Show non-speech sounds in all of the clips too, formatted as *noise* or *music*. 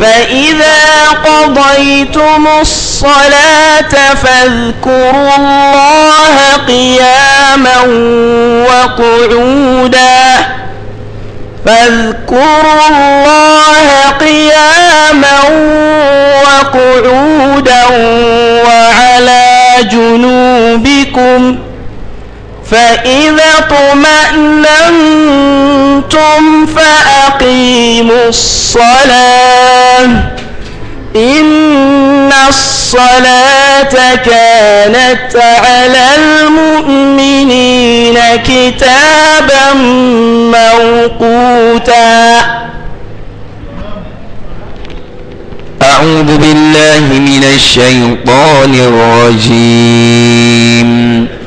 فإذا قضيتم الصلاة فاذكروا الله قياما وقعودا فاذكروا الله قياما وقعودا وعلى جنوبكم فإذا طمأنتم فأقيموا الصلاة إن الصلاة كانت على المؤمنين كتابا موقوتا أعوذ بالله من الشيطان الرجيم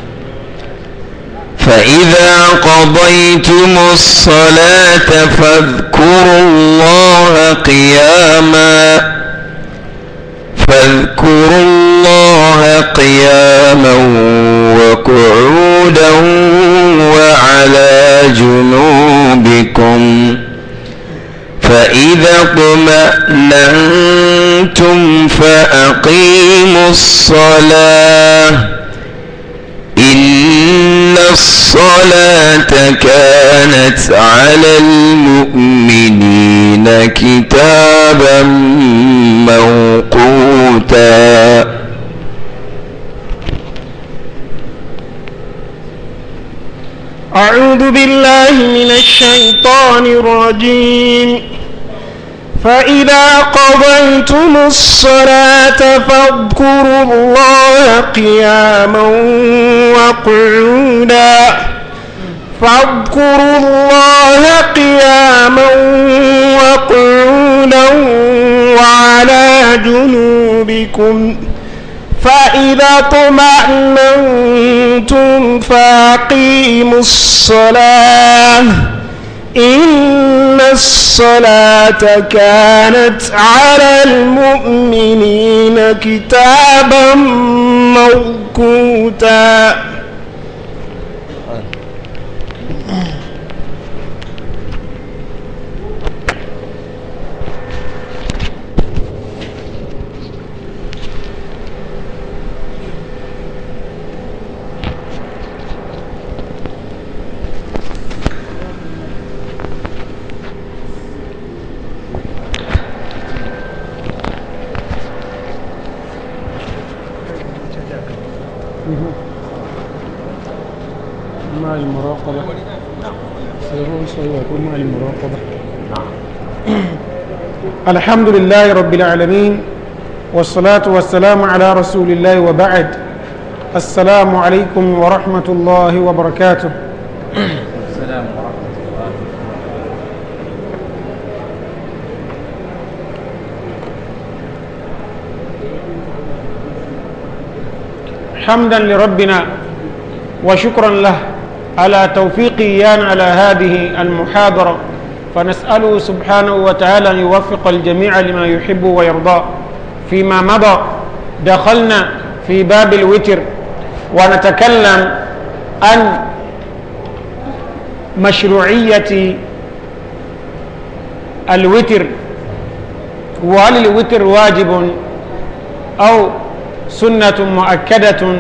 فإذا قضيتم الصلاة فاذكروا الله قياما فاذكروا الله قياما وقعودا وعلى جنوبكم فإذا اطمأننتم فأقيموا الصلاة إن الصلاة كانت على المؤمنين كتابا موقوتا أعوذ بالله من الشيطان الرجيم فإذا قضيتم الصلاة فاذكروا الله قياما وقعودا فاذكروا الله قياما وقعودا وعلى جنوبكم فإذا طمأنتم فأقيموا الصلاة إن الصلاة كانت على المؤمنين كتابا موقوتا الحمد لله رب العالمين والصلاة والسلام على رسول الله وبعد السلام عليكم ورحمة الله وبركاته السلام حمدا لربنا وشكرا له على توفيقي على هذه المحاضرة فنسأله سبحانه وتعالى أن يوفق الجميع لما يحب ويرضى فيما مضى دخلنا في باب الوتر ونتكلم عن مشروعية الوتر وهل الوتر واجب أو سنة مؤكدة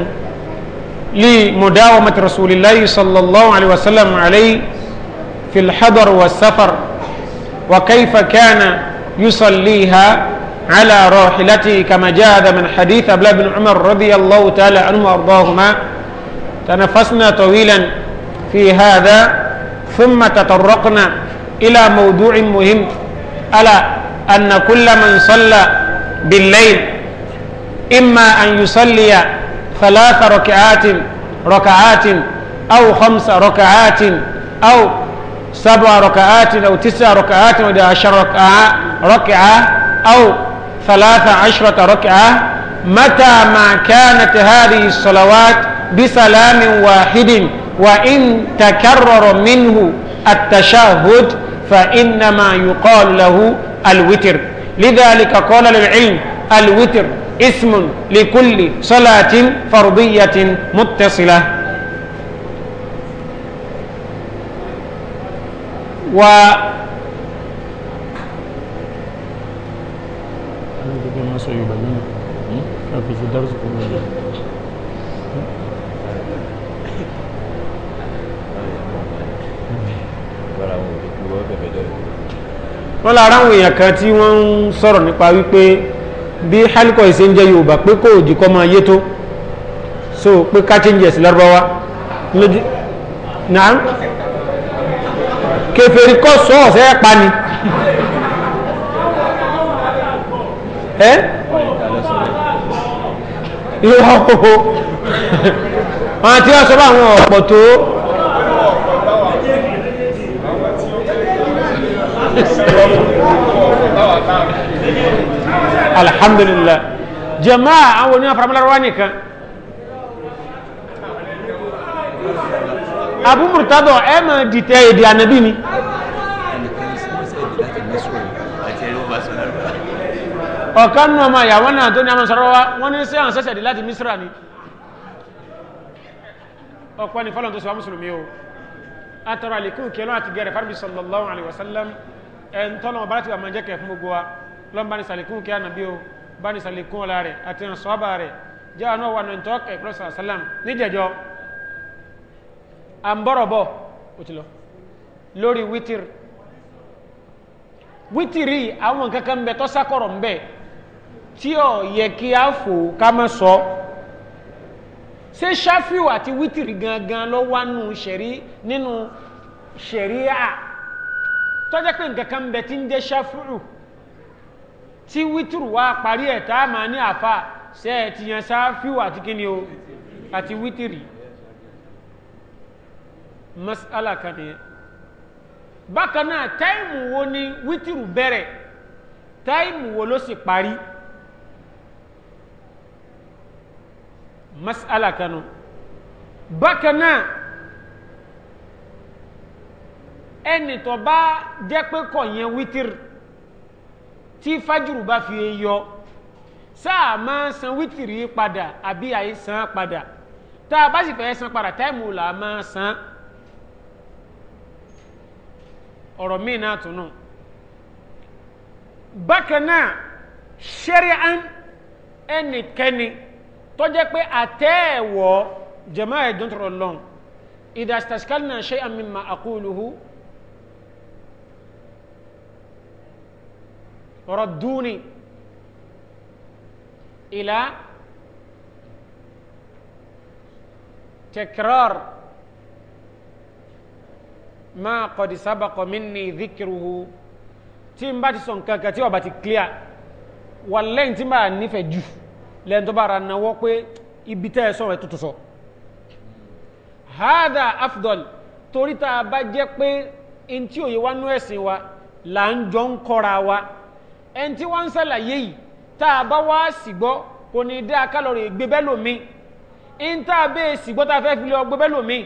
لمداومة رسول الله صلى الله عليه وسلم عليه في الحضر والسفر وكيف كان يصليها على راحلته كما جاء هذا من حديث أبلا بن عمر رضي الله تعالى عنه وأرضاهما تنفسنا طويلا في هذا ثم تطرقنا إلى موضوع مهم ألا أن كل من صلى بالليل إما أن يصلي ثلاث ركعات ركعات أو خمس ركعات أو سبع ركعات أو تسع ركعات أو عشر ركعة, ركعة أو ثلاث عشرة ركعة متى ما كانت هذه الصلوات بسلام واحد وإن تكرر منه التشهد فإنما يقال له الوتر لذلك قال للعلم الوتر اسم لكل صلاة فرضية متصلة wa wọ́n lára àwọn èèyàn kan tí wọ́n ń sọ̀rọ̀ nípa wípé bí hálíkọ̀ ìṣe ń jẹ́ yorùbá pé kò jìkọ́ máa yé tó so pé ká changes lárúbáwá lójú náà kèfèrí kọ́ sọ ọ̀sẹ́ pa ni ẹ́ ìwà òhò àwọn tí wọ́n sọ bá àwọn ọ̀pọ̀ tó alhamdulillah jama'a àwọn oníwà faramọ́lára wá nìkan abúmùtádọ̀ ẹ mọ̀ dìtẹ̀ èdè ànábì ni. ọ̀kan nù ọmọ ìyàwó náà tó ní àwọn sọ̀rọ̀ wa wọ́n ní sẹ́yàn sẹ́sẹ̀ dé láti Misra ni ọ̀pọ̀ ni fọlọ́n tó sọ wá mùsùlùmí o atọrọ àlékún kí ọlọ́run àti gẹ̀rẹ̀ fárbi sallallahu alaihi wasallam ẹ̀ ń tọ́lọ́ ọba láti wà máa jẹ́ kẹ̀ fún gbogbo wa lọ́n bá ní sàlékún kí o bá ní sàlékún ọ̀la rẹ̀ àti ìrànṣọ́ àbá rẹ̀ jẹ́ àwọn ọ̀wà náà à ń bọ̀rọ̀ bọ̀ ó ti lọ lórí wítìrì wítìrì àwọn nǹkan kan bẹ tó sákọ̀rọ̀ ń bẹ tí ò yẹ kí á fò ká má sọ ṣé ṣáfíù àti wítìrì gangan ló wá nù ṣẹ̀rí nínú ṣẹ̀rí à tọ́jà pé nǹkan kan bẹ tí ń jẹ́ ṣáfíù tí wítìrì wá parí ẹ̀ tá a máa ní àfa ṣe ẹ̀ ti yan ṣáfíù àti kíni o àti wítìrì masala kan nìyẹn bákan náà táìmù wo ni wítìrù bẹ̀rẹ̀ táìmù wo ló sì parí masala kan nù bákan náà ẹnì tó bá jẹ́ pé kò yẹn wítìrù tí fájùrù bá fi yọ sáà máa san wítìrì padà àbí àìsàn padà tá a bá sì fẹ́ san padà táìmù là máa san ọ̀rọ̀ míì náà tún nù bákan náà ṣẹ́ríán ẹnikẹ́ni tó jẹ́ pé àtẹ́ẹ̀wọ̀ jẹ̀má ẹ̀dùn tọrọ lọ́n ìdásítàṣkálínà ṣe àmì ma àkúlùhù ردوني إلى تكرار ma qad sabaqa minni dhikruhu tí n bá ti sọ nǹkan kan tí ó bá ti clear wà lẹ́yìn tí n bá nífẹ̀ẹ́ jù lẹ́yìn tó bá ra náwó pé ibi tẹ́ ẹ sọ rẹ̀ tuntun sọ. hada afdol torí tá a bá jẹ́ pé n tí òye wa nú ẹ̀sìn wa là ń jọ ń kọ́ra wa ẹn tí wọ́n ń ṣàlàyé yìí tá a bá wá sì gbọ́ kò ní dá kálọ̀rì gbé bẹ́ẹ̀ lómi n tá a bẹ́ẹ̀ sì gbọ́ tá a fẹ́ fi lọ gbé bẹ́ẹ̀ lómi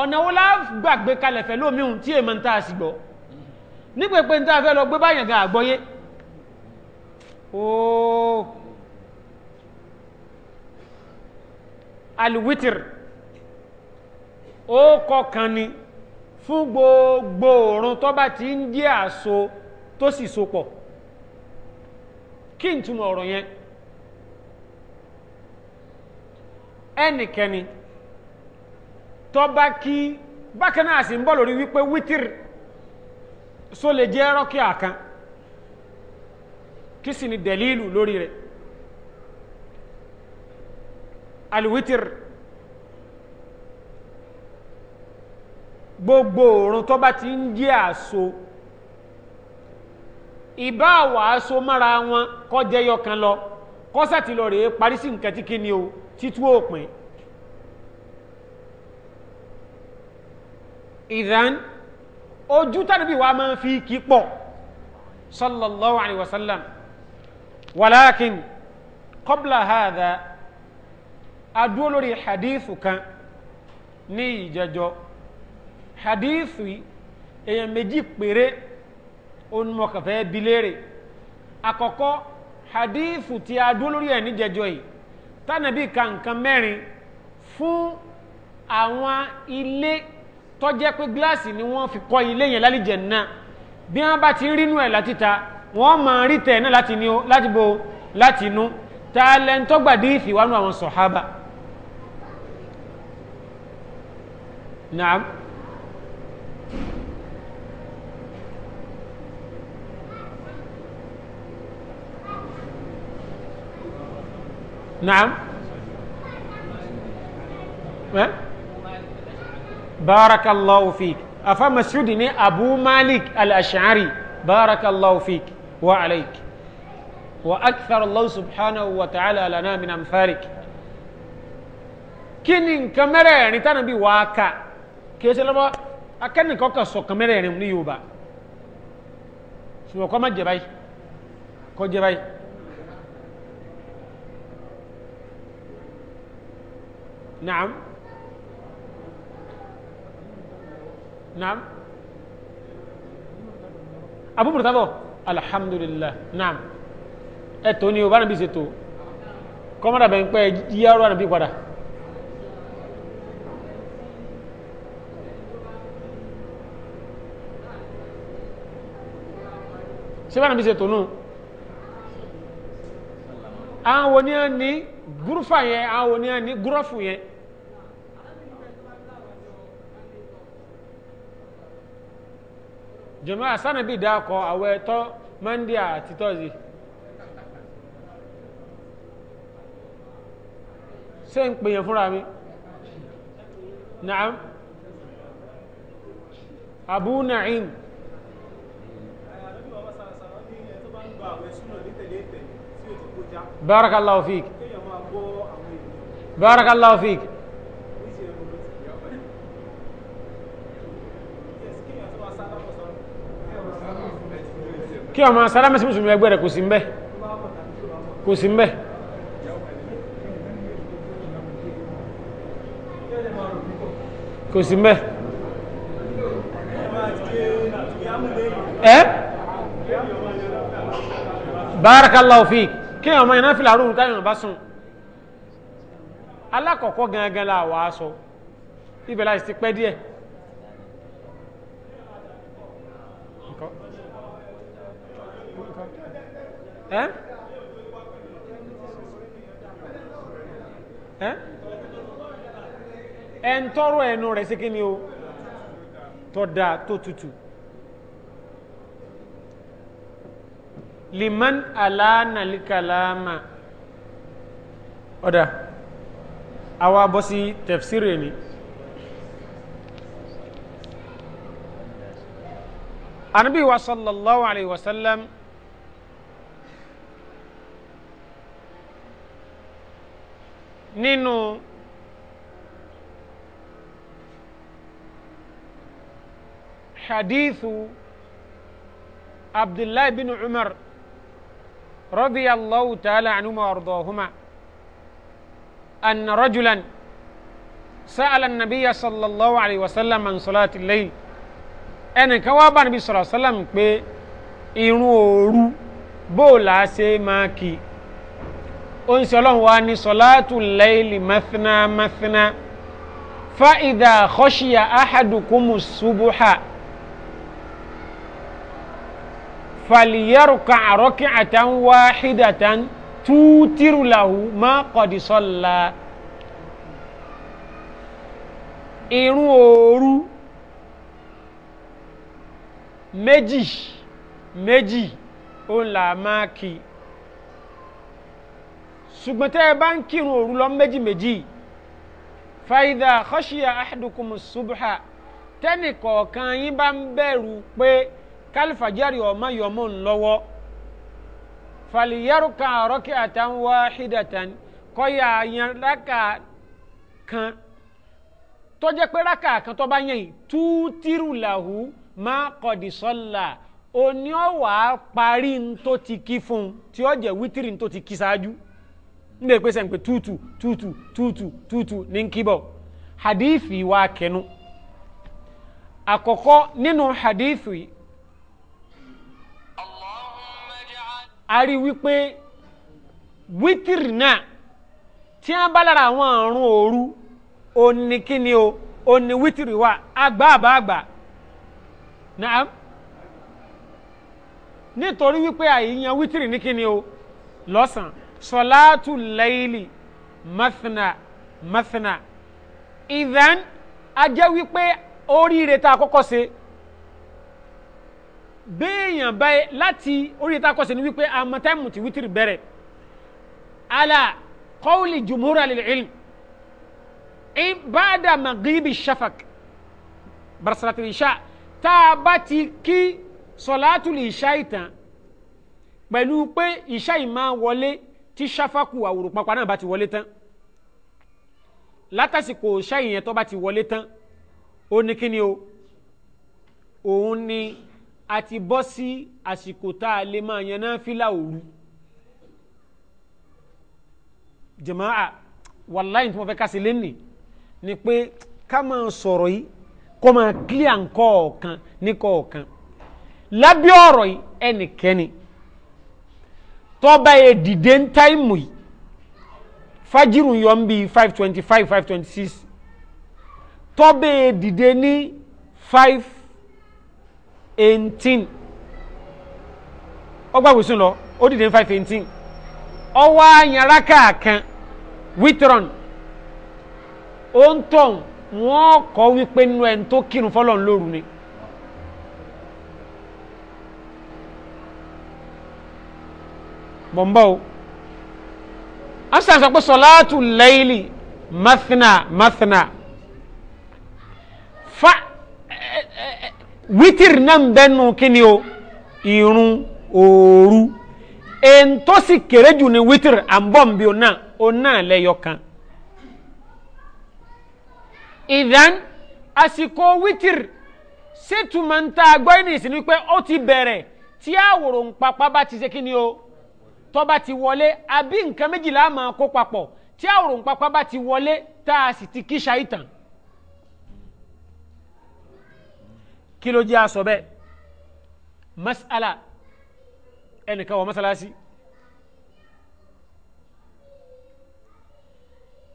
ọ̀nà wo la gbàgbé kalẹ̀ fẹ́ lómi ohun tí èèmọ̀ ń tà sí gbọ́ nígbèpé ń tà fẹ́ lọ gbé báyàn gan àgbọ́yé ooo o ó kọkàn ni fún gbogbo òrùn tó bá ti ń jẹ́ àso tó sì so pọ̀ kí n túmọ̀ ọ̀rọ̀ yẹn ẹnikẹ́ni. tọ́ba kí bákan náà sì ń bọ̀ lórí wípé wítìrì só lè jẹ́ rọ́kíà kan kí sì ni dẹ̀lílù lórí rẹ̀ alwítìrì gbogbo òrùn tọ́ba ti ń jẹ́ àso ìbá wàásó mára wọn kọjẹyọ kan lọ kọ́sàtì lọ rèé parí sí nǹkan tí kí ni o títú òpin ìdán ojú tánàbí wa máa fi kí pọ̀ sallallahu alaihi wasallam walakin qabla hadha adúró lórí hadithu kan ní ìjẹjọ hadithu èèyàn méjì péré onímọ̀kànfẹ́ bilére àkọ́kọ́ hadithu ti adúró lórí ẹ̀ níjẹjọ yìí tánàbí ka mẹ́rin fún àwọn ilé tó jẹ́ pé gíláàsì ni wọ́n fi kọ́ ilé yẹn lálìjẹ̀ náà bí wọ́n bá ti rínú ẹ̀ láti ta wọ́n máa rí tẹ̀ náà láti ní láti bo láti inú ta lẹ́ńtọ́ gbàdí ìfìwánú àwọn sọ̀hábà naam naam eh? بارك الله فيك أفما سيدني أبو مالك الأشعري بارك الله فيك وعليك وأكثر الله سبحانه وتعالى لنا من أمثالك kí ni nǹkan mẹ́rẹ̀ẹ̀rin tánàbí wà á kà kí ẹ ṣe lọ́wọ́ akẹ́nìkan kan sọ̀kan mẹ́rẹ̀ẹ̀rin ní yorùbá ṣùgbọ́n kọ́ má jẹ báyìí kọ́ jẹ báyìí naam. naam abúburútàbọ̀ alhamdulillah naam ẹ̀tọ́ ni o bá nàbí ṣètò kọ́mọ́dà bẹ̀ ń pẹ́ yíyáró ànàbí padà ṣé bá nàbí ṣètò náà àwọn wo ni a ní gúrúfà yẹn àwọn wo ni a ní gúrọ́fù yẹn jọmọ asanabi dakọ àwẹ̀ tọ mande àti tọzi ṣé n pèyàn fúnra mi naam abu na'im barakallahu fiik barakallahu fiik. kí ọmọ sálámẹ́sì mùsùlùmí ẹgbẹ́ rẹ̀ kò sí ń bẹ́ kò sí ń bẹ́ kò sí ń bẹ́ ẹ́ barakallahu fik kí ọmọ yẹn náà fi làárọ̀ òrùka yẹn sùn alákọ̀ọ́kọ́ gangan la wàá ibẹ̀ láì ti pẹ́ díẹ̀ ẹ ẹ ẹ ẹnu rẹ̀ sí kíni o tọdà tó tutù liman alánàlíkàlámà ọ̀dà àwa bọ́ sí tẹ̀fsírì ni. anabi sallallahu alaihi wasallam nínú hadithu abdullahi bin umar radiyallahu ta'ala anuma wardahuma anna rajulan sa'ala an-nabiyya sallallahu alayhi wa sallam an salati al-layl ẹnìkan wá bá nabi sallallahu alayhi pé irun òru bó la máa kí i ó ń ṣe ọlọ́run wa ní sọ̀látù láìlì mẹ́fínà mẹ́fínà fáìdà kọ́ṣíyà áhàdùkúmù ṣubúhà fàlìyàrùkà àrọ́kì àtàwọn wáhídàtàn tútìrùlàhù má kọ̀dìsọ́lá irun òru méjì méjì ó là máa kìí ṣùgbọ́n tẹ́ ẹ bá ń kírun òru lọ méjì méjì fàyídà khashiya ahadukum subha tẹ́nì kọ̀ọ̀kan yín bá ń bẹ̀rù pé kálífàjárì ọmọ yọmọ ń lọ́wọ́ fàlìyárùkà rọ́kì àtàwọn wáhídàtàn kọ́yà àyàn rákà kan tó pé rákà kan tó bá yẹn yìí tútírù làwù má kọ̀dì sọ́là òní ọ̀wà parí ń tó ti kí fún un tí ó jẹ́ ń tó ti kí ṣáájú. na-ekwesa mkpe tutu tutu tutu tutu ní nkíbọ̀ hadithi wa kẹnu àkọ́kọ́ nínú hadithi a rí wípé witiri náà tí a balara àwọn àrùn òru oníkíni o oní witiri wa agba àbá àgbà náà nítorí wípé àyíyan witiri ní kíni o lọ́sàn-án salatu layli mathna mathna ìdán ajẹ́ wípé oríire tá a kọ́kọ́ ṣe béèyàn báyìí láti oríire tá a kọ́kọ́ ṣe ni wípé amọ̀tẹ́mù ti wítìrì bẹ̀rẹ̀ ala qawli jumhur al-ilm ba'da maghibi shafaq barasalatul isha tá a bá ti kí sọ̀látùlì ìṣá ìtàn pẹ̀lú pé ìṣá ìmá wọlé tí ṣáfàkù àwòrò pápá náà bá ti wọlé tán látàsìkò ṣáyìn yẹn tó bá ti wọlé tán ó ní kíni o òun ni a ti bọ́ sí àsìkò tá a lè máa yan náà fílà òru jàmáà wàláyìn tí wọ́n fẹ́ ká sí lẹ́nì ni pé ká máa sọ̀rọ̀ yìí kó máa kílíà ńkọ̀ọ̀kan ní kọ̀ọ̀kan lábẹ́ ọ̀rọ̀ yìí ẹnikẹ́ni tọ́ba yẹ dìde ń táìmù yìí fajiru yọ̀ bi five twenty five five twenty six tọ́ba yẹ dìde ní five eighteen ọgbà wòsàn lọ ó dìde ní five eighteen ọwọ́ àyànrá kàkan witron ó ń tọ̀ wọ́n kọ́ wípé nínú ẹni tó kírun ni. mọ̀ ń bọ̀ o asan sọ pé mathna mathna fa wítìrì náà ń bẹ́nu kíni o irun òru èntó sì kéré jù ní wítìrì àbọ̀nbí o náà o náà lẹ́yọ kan ìdán àsìkò wítìrì ṣètùmọ̀ ń ta agbọ́ ẹni ìsìn wípé ó ti bẹ̀rẹ̀ tí àwòrán pápá bá ti ṣe kíni o tọ́ba ti wọlé àbí nǹkan méjìlá máa kó papọ̀ tí àwòrán pápá bá ti wọlé tá a sì ti kíṣà ìtàn kí ló jẹ́ aṣọ bẹ́ẹ̀ masala ẹnìkan wọ masalasi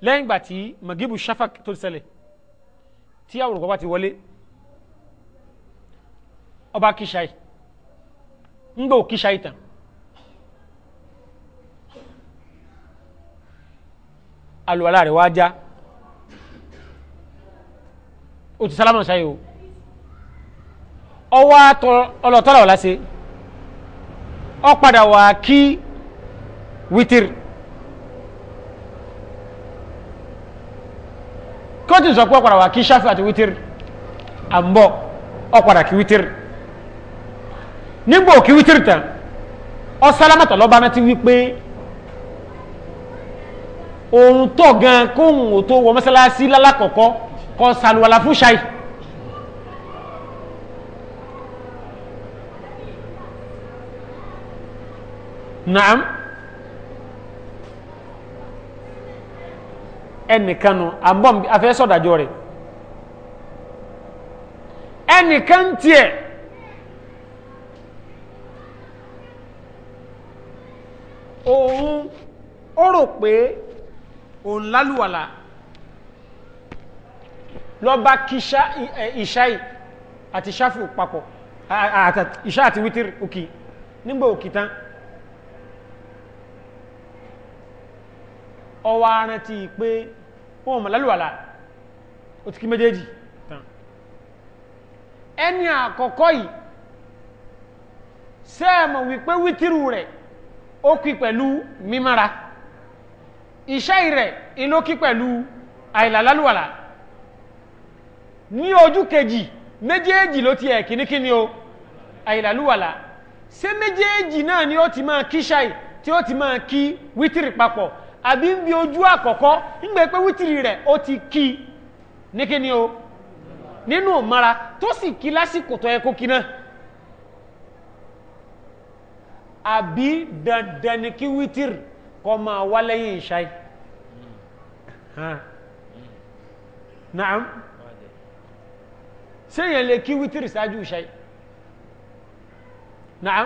lẹ́yìn ìgbà tí magibu shafak tó ṣẹlẹ̀ tí àwòrán pápá ti wọlé ọba kíṣà ń gbọ́ kíṣà ìtàn àlùwàlá rẹ̀ wá já o ti ṣáyé o ọwọ́ atọ ọlọ́tọ́lá ọ̀la ṣe ọ padà wà kí wítìr kí ó ti sọ pé ọ padà wà kí ṣáfì àti wítìr à ń bọ̀ ọ padà kí wítìr nígbà òkí wítìr tán ọ sálámà tọ̀ lọ́ba náà ti wí pé òun tọ̀ gan kóhun ò tó wọ mọ́sálásí lálákọ̀ọ́kọ́ kọ́ sàlùwàlà fún ṣáì naam ẹnìkan nu àbọ̀n afẹ́ sọ̀dájọ́ rẹ̀ ẹnìkan tiẹ̀ òun ó rò pé òun lálùwàlà lọ́ba kí ìṣáì àti ṣáfù papọ̀ ìṣá àti wítírì òkì nígbà òkì tán ọwọ́ arántí pé wọ́n mọ̀ lálùwàlà ó ti kí méjèèjì tán ẹni àkọ́kọ́ yìí sẹ́ẹ̀mọ̀ wípé wítírù rẹ̀ ó kí pẹ̀lú mímára iṣẹ́ rẹ̀ inókí pẹ̀lú àìlàlálùwàlà ní ojú kejì méjèèjì ló ti ẹ̀ o àìlàlúwàlà ṣé méjèèjì náà ni ó ti máa kí ṣáì tí ó ti máa kí wítìrì papọ̀ àbí ń bi ojú àkọ́kọ́ nígbà pé wítìrì rẹ̀ ó ti kí o nínú mara tó sì kí lásìkò tó yẹ kí náà àbí kọ́ máa wá lẹ́yìn ìṣáì naam séèyàn lè kí wítìrì ṣáájú ìṣáì naam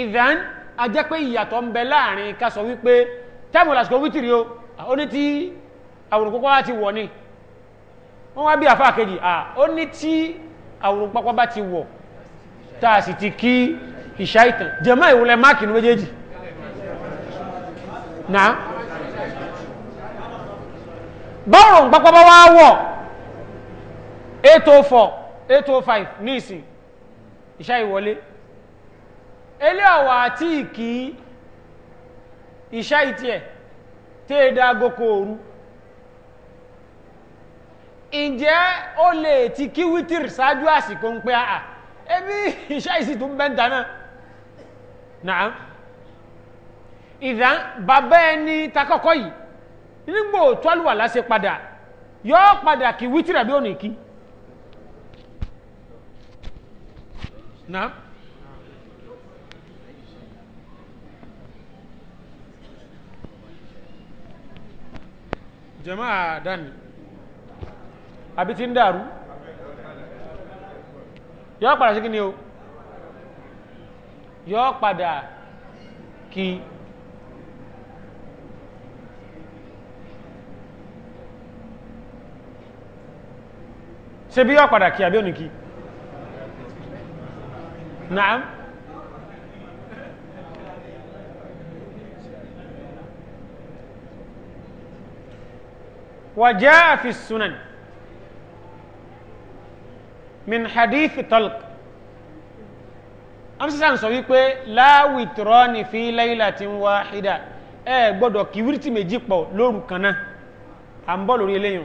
ìdán ajẹ́ pé ìyàtọ̀ ń bẹ láàrin ká sọ wípé tẹ́mù lásìkò wítìrì o ó ní tí àwòrán kókó wá ti wọ̀ ni wọ́n wá bí àfá kejì à ó ní tí àwòrán bá ti wọ̀ tá sì ti kí ìṣáìtàn jẹ́mọ́ ìwòlẹ̀ máàkì ní méjèèjì náà bọ́ọ̀rùn pápá bá wá 804 805 ní ìsìn ìṣá ele ilé ọ̀wà àti ìkí ìṣá ìtì ẹ̀ tí è dá agoko òru ǹjẹ́ ó lè ti kí wítìrì ṣáájú àsìkò ń pẹ́ àà ẹbí ìṣá ìsì tún benta náà náà ìdá bàbá ẹni takọ́kọ́ yìí nígbò tọ́lùwà láṣẹ padà yọ́ padà kí wítìrà bí òní kí náà jama'a dani abi ti ń dàrú yọ́ padà sí kí ni o yọ́ padà kí ṣe bí yọ padà kí àbí oníkí naam وجاء في السنن من حديث طلق amsisan sọ wípé láwìtìrọ́ ní fi laylatin wahida ẹ gbọ́dọ̀ kí wírítì méjì pọ̀ lóru kan náà à ń bọ̀ lórí eléyìí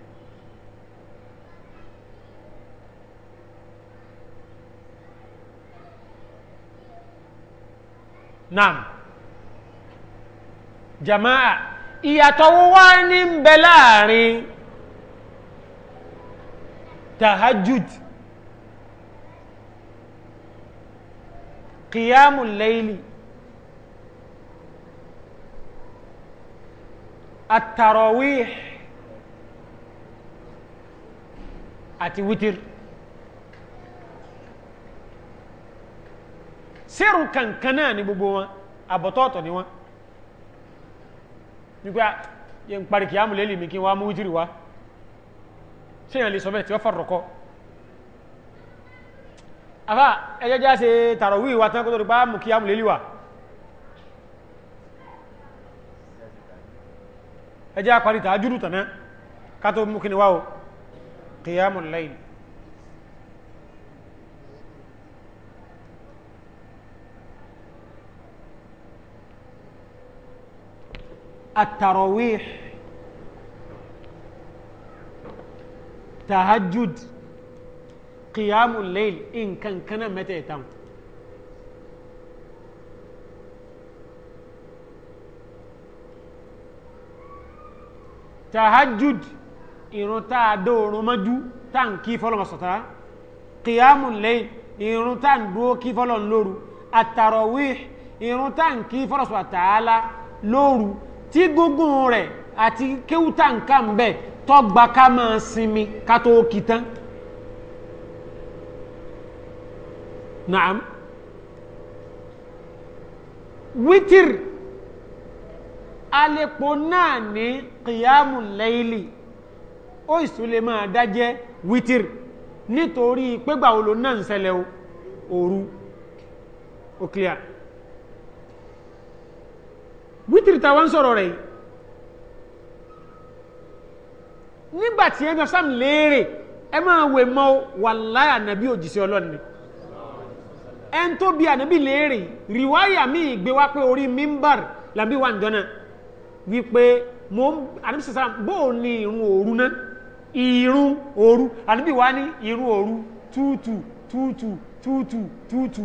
naam jama'a ìyàtọ̀ wá ní ń bẹ láàrin tahajjud qiyamul layli at-tarawih àti wítírì sẹ́rù kankan náà ni gbogbo wọn àbọ̀tọ̀ọ̀tọ̀ ni wọn nígbà yẹ ń parí kìí àmúlẹ́lì mi kí wọ́n mú jìrì wá ṣe yàn lè sọ bẹ́ẹ̀ tí wọ́n fàrọ̀kọ́ àfà ẹjọ́ já ṣe tààrọ̀ wí wa tán kó tó bá mú kìí àmúlẹ́lì wá ẹjọ́ parí tààjúrù tàná ká tó mú kí ni wá o kìí àmúlẹ́lì التراويح tahajud qiyam al-layl nǹkan kan mẹ́tẹ̀ẹ̀ta tahajud ìrun tá a dó orun mọ́jú tá n kí fọ́lọ̀ sọ̀tara qiyam al-layl ìrun tá n dúó kí fọ́lọ̀ lóru at-tarawih ìrun tá n kí fọ́lọ̀ sọ̀tara lóru tí gúngún rẹ̀ àti kéwútà nǹkan ń bẹ tọ́gba ká máa sinmi ká tó kí tán naam wítìr alẹ́pọ̀ náà ní kìyàmù lẹ́yìlì ó ìsúlẹ̀ máa dájẹ́ wítìr nítorí pégbà náà ń ṣẹlẹ̀ òru ó clear wítìrì táwọn sọ̀rọ̀ rẹ̀ nígbà tí ẹgbẹ́ sam léèrè ẹ máa wè mọ́ wàláì ànàbí òjìṣẹ́ ọlọ́ni ẹn tó bí ànàbí léèrè rìwáyà mi ìgbé wá pé orí mímbàr làbí wà ń dọ́nà wípé mo ń ànàbí sàsà bó o ní irun òru náà irun òru ànàbí wá ní irun òru túùtù túùtù túùtù túùtù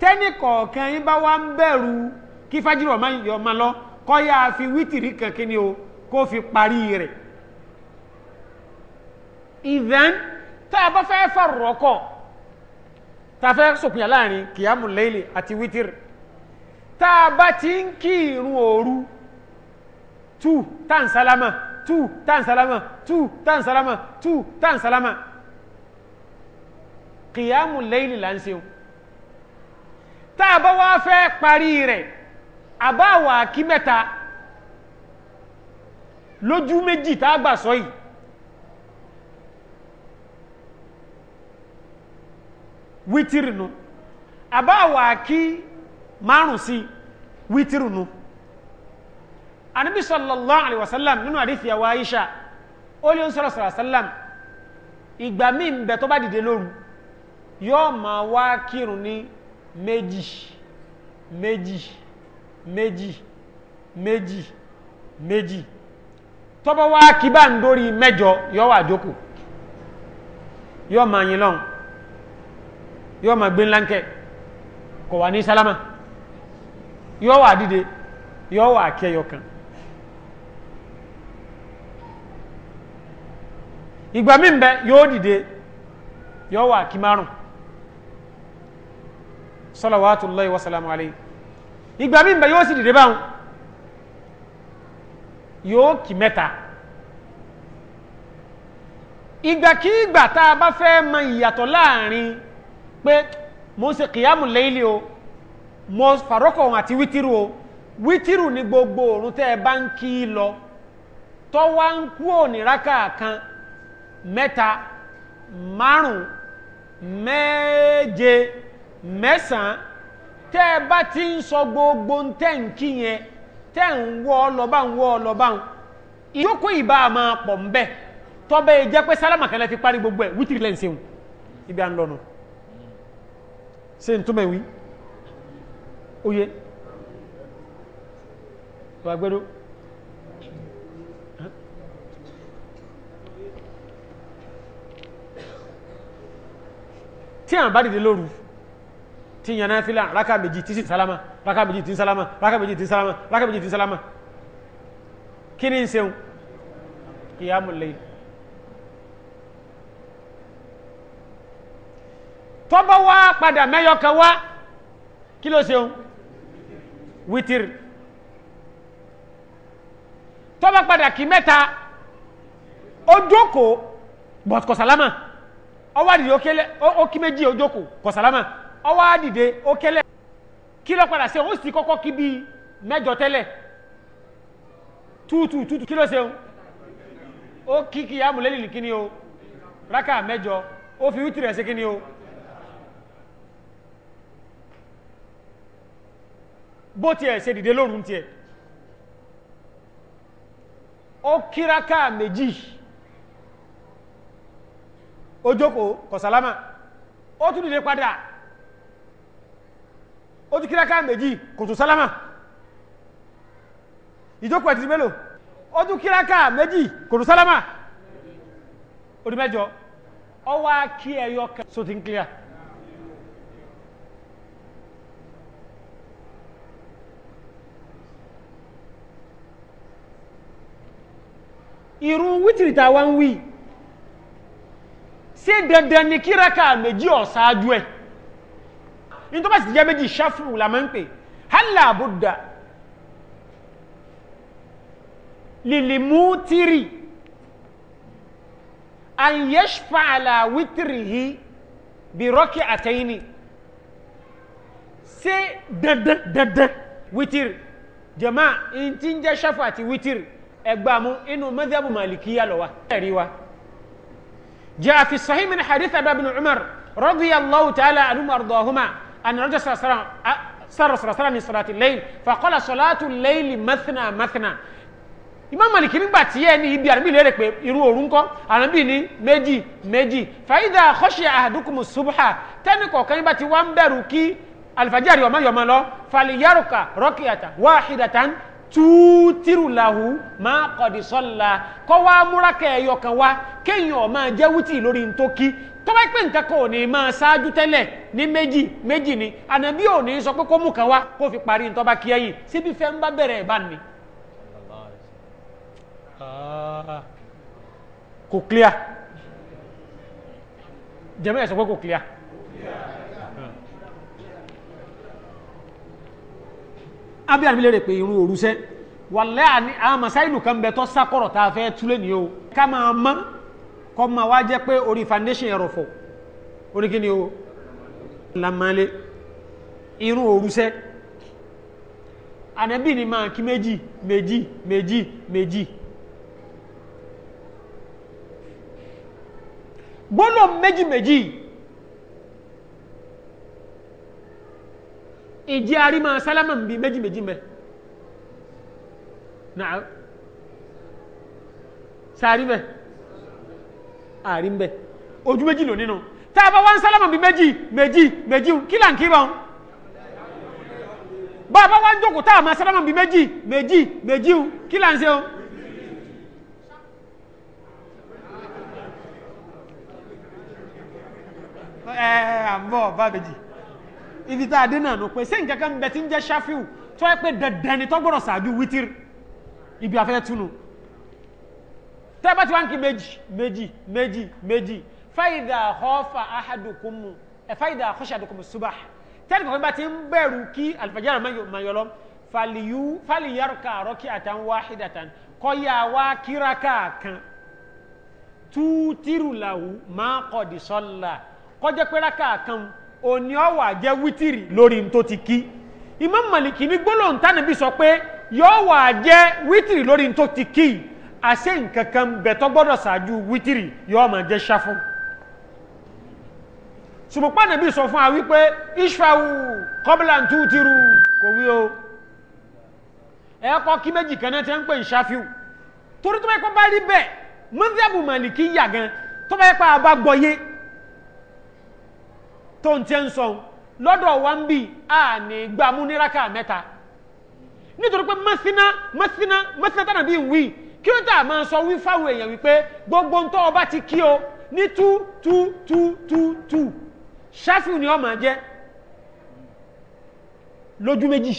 tẹ́nì kọ̀ọ̀kan yín bá wá ń bẹ̀rù kí fájírọ̀ máa yọ ọmọ lọ kọ́ yá fi wítìrí kankan ni o kó fi parí rẹ̀ ìdán tá a bá fẹ́ fọ̀rọ̀ kọ́ tá a fẹ́ sòpinya láàrin kìyàmù láìlì àti wítìrì tá a bá ti ń kí irun òru tú tá n sálámà tú tá n sálámà kìyàmù láìlì là ń wá fẹ́ parí rẹ̀ àbáwà kí mẹ́ta lójú méjì tá a gbà sọ yìí wítìrì nu àbáwà kí márùn sí wítìrì nu anabi sallallahu alaihi wasallam nínú àdífì àwa aisha ó lé ń sọ̀rọ̀ sọ̀rọ̀ sallam ìgbà míì ń bẹ tó bá dìde lóru yóò máa wá kírun ní méjì méjì méjì méjì méjì tọ́bọ̀ wá kí bá ń dórí mẹ́jọ yọ wà jókò yọ ma yìn lọ́n yọ ma gbé ńláńkẹ́ kọ̀ wà ní sálámà yọ wà dìde yọ wà kẹyọ kan ìgbà mí bẹ yóò dìde yọ wà kí márùn salawatullahi wa salamu alayhi ìgbà mi bẹ yóò sì dìde báwọn yóò kì mẹ́ta ìgbàkígbà tá a bá fẹ́ mọ ìyàtọ̀ láàrin pé mo ń ṣe kìyàmù lẹ́yìnlẹ́ o mo fàrọ́kọ̀ òun àti wítírù o wítírù ni gbogbo òrùn tẹ́ ẹ bá ń kí lọ tọ́ wá ń kú òníra kàkan mẹ́ta márùn-ún méje mẹ́sàn-án tẹ́ ẹ bá ti ń sọ gbogbo tẹ́ ń kí yẹn tẹ́ ń wọ́ ọlọ́bá ń wọ́ ọlọ́bá ń ìyókù ìbá máa pọ̀ ń bẹ́ tọ́bẹ̀ jẹ́ pé sálámà kẹlẹ́ ti parí gbogbo ẹ̀ wítìrì lẹ́ǹsẹ̀ ń ibi à ń lọ́nu ṣe ń túmẹ̀ wí oyè wà gbẹ́dọ́ tí à bá dìde lóru tí yan náfìlà rákà méjì tí sì sálámà rákà méjì tí ń sálámà rákà méjì tí ń sálámà rákà méjì tí ń sálámà kí ni ń ṣeun qiyamul layl tọ́bọ̀ wá padà mẹ́yọ kan wá kí ló ṣeun wítìrì tọ́bọ̀ padà kí mẹ́ta ojókòó bọ̀t kọ̀sálámà ọwádìí ó kí méjì ojókòó kọ̀sálámà ọwọ́ àdìde ó kẹ́lẹ̀ kí ló padà ṣe ó sì kọ́kọ́ kí bíi mẹ́jọ tẹ́lẹ̀ túùtù túùtù kí ló ṣe ó kí kí amúlẹ́lì ní kíni o rákà mẹ́jọ ó fi wítìrì ẹ̀ sí kíni o bó tiẹ̀ ṣe dìde lórun tiẹ̀ ó kí rákà méjì ó jókòó kọ̀sálámà ó tún dìde padà ó ti kíráká méjì kò tó sálámà ìjókòó ẹ̀ ti mélòó ó tún kíráká méjì kò tó sálámà ó di mẹ́jọ ọ wá kí ẹyọ kẹ so ti ń clear irun wítìrì tàwa ń wí ṣé dandan ni kíráká méjì ó ṣáájú ẹ̀ ní tó bá sì jẹ́ méjì ṣáfù la máa ń pè hálà àbúdà lilimutiri anyeshfa ala witirihi bi rọ́kì àtẹ́yìnì ṣé dandan dandan witiri jama in ti ń jẹ́ ṣáfù àti witiri ẹgbàmú inú madhabu malikiya lọ wa. جاء في الصحيح من حديث أبا بن عمر رضي الله تعالى عنهما وأرضاهما أن رجل صلى الله عليه وسلم سر صلى الله عليه وسلم من صلاة الليل فقال صلاة الليل مثنى مثنى imam maliki nígbà tí ẹ ní ibi ànábì lérè pé irú òru ńkọ́ ànábì ní méjì méjì fàyídà khashiya ahadukum subha tẹ́nì kọ̀ọ̀kan nígbà tí wọ́n ń bẹ̀rù kí alifajari ọmọ yọmọ lọ fàlìyàrùkà rọ́kìyàtà wáhìdàtàn tútìrùláhù máa kọ̀dìsọ́la kọ́ wá múrákẹ́ ẹ̀yọ kan wá kéèyàn ọ̀ máa jẹ́ wútì lórí ntókí tó bá pè nǹkan kan ò ní máa ṣáájú tẹ́lẹ̀ ní méjì méjì ni ànàbí ò ní sọ pé kó mú kan wá kó fi parí ní tọ́ba kíẹ́yìn síbi fẹ́ ń bá bẹ̀rẹ̀ ẹ̀ bá ní. kò clear jẹ́mọ́ ẹ̀ sọ pé kò clear. abẹ́ àmì lérè pe irun òrùsẹ́ wàlẹ́ àní àmàsáìlù kan bẹ tọ́ sákọ̀rọ̀ tá a fẹ́ túlé ní o ká máa mọ́ kọ́ máa wá jẹ́ pé orí foundation ẹ̀rọ̀ fọ̀ orí kí ni o lamalé irun oruse ànábì ni ma kí méjì meji meji meji gbọ́dọ̀ méjì méjì ìjẹ́ arímọ sálámà ń bi méjì méjì mẹ́ náà sáré mẹ́ àrí ń bẹ́ ojú méjì lò nínú tá a bá wá ń sálámà bí méjì méjì méjì kí là ń kí rọrùn bá a bá wá ń jókòó tá a máa sálámà bí méjì méjì méjì kí là ń ṣe o. ẹ ẹ à ń ibi tá a dé náà nù pé ṣé nǹkan kan bẹ tí ń jẹ́ ṣáfíù tó yẹ pé dandan ni tọ́gbọ́dọ̀ ṣáájú wítírì ibi afẹ́ túnú tẹ́ bá ti wá ń kí méjì méjì méjì méjì fáyidà ọ̀fà ahadukumu ẹ̀ eh, fáyidà ọ̀ṣàdukumu subah tẹ́lẹ̀ kọ̀ọ̀kan bá ti ń bẹ̀rù kí alifajara mayọlọ fàlìyàrùkà rọ́kì àtàn wáhídàtàn kọ́yà wá kíraka kan tútìrù làwù máa kọ̀ dì sọ́la kọjá pé raka òní ọ̀wà jẹ́ wítìrì lórí tó ti kí Imam Maliki ní gbólóhùn tánàbí sọ pé yóò wà jẹ́ wítìrì lórí tó ti kí àṣẹ nǹkan kan bẹ̀tọ́ gbọ́dọ̀ ṣáájú wítìrì yóò máa jẹ́ ṣáfún ṣùgbọ́n pánàbí sọ fún wa wípé ishfawu kọ́bílà ń túùtìrù kò wí o ẹ kọ́ kí méjì kan náà ti ń pè ń ṣáfíù torí tó bá yẹ kó bá rí bẹ́ẹ̀ mọ́ndíàbù Maliki yà tó bá yẹ kó àbá gbọ́yé tó ń tẹ́ ń sọ lọ́dọ̀ wa ń bì á ní gbàmú ní raka mẹ́ta nítorí pé mọ́síná mọ́síná mọ́síná tánà bí wí kí ló tà máa sọ wí fáwọn èèyàn wípé gbogbo ń tọ́ ọba ti kí o ní tú tú tú tú tú ṣáfù ni ọmọ jẹ́ lójú méjì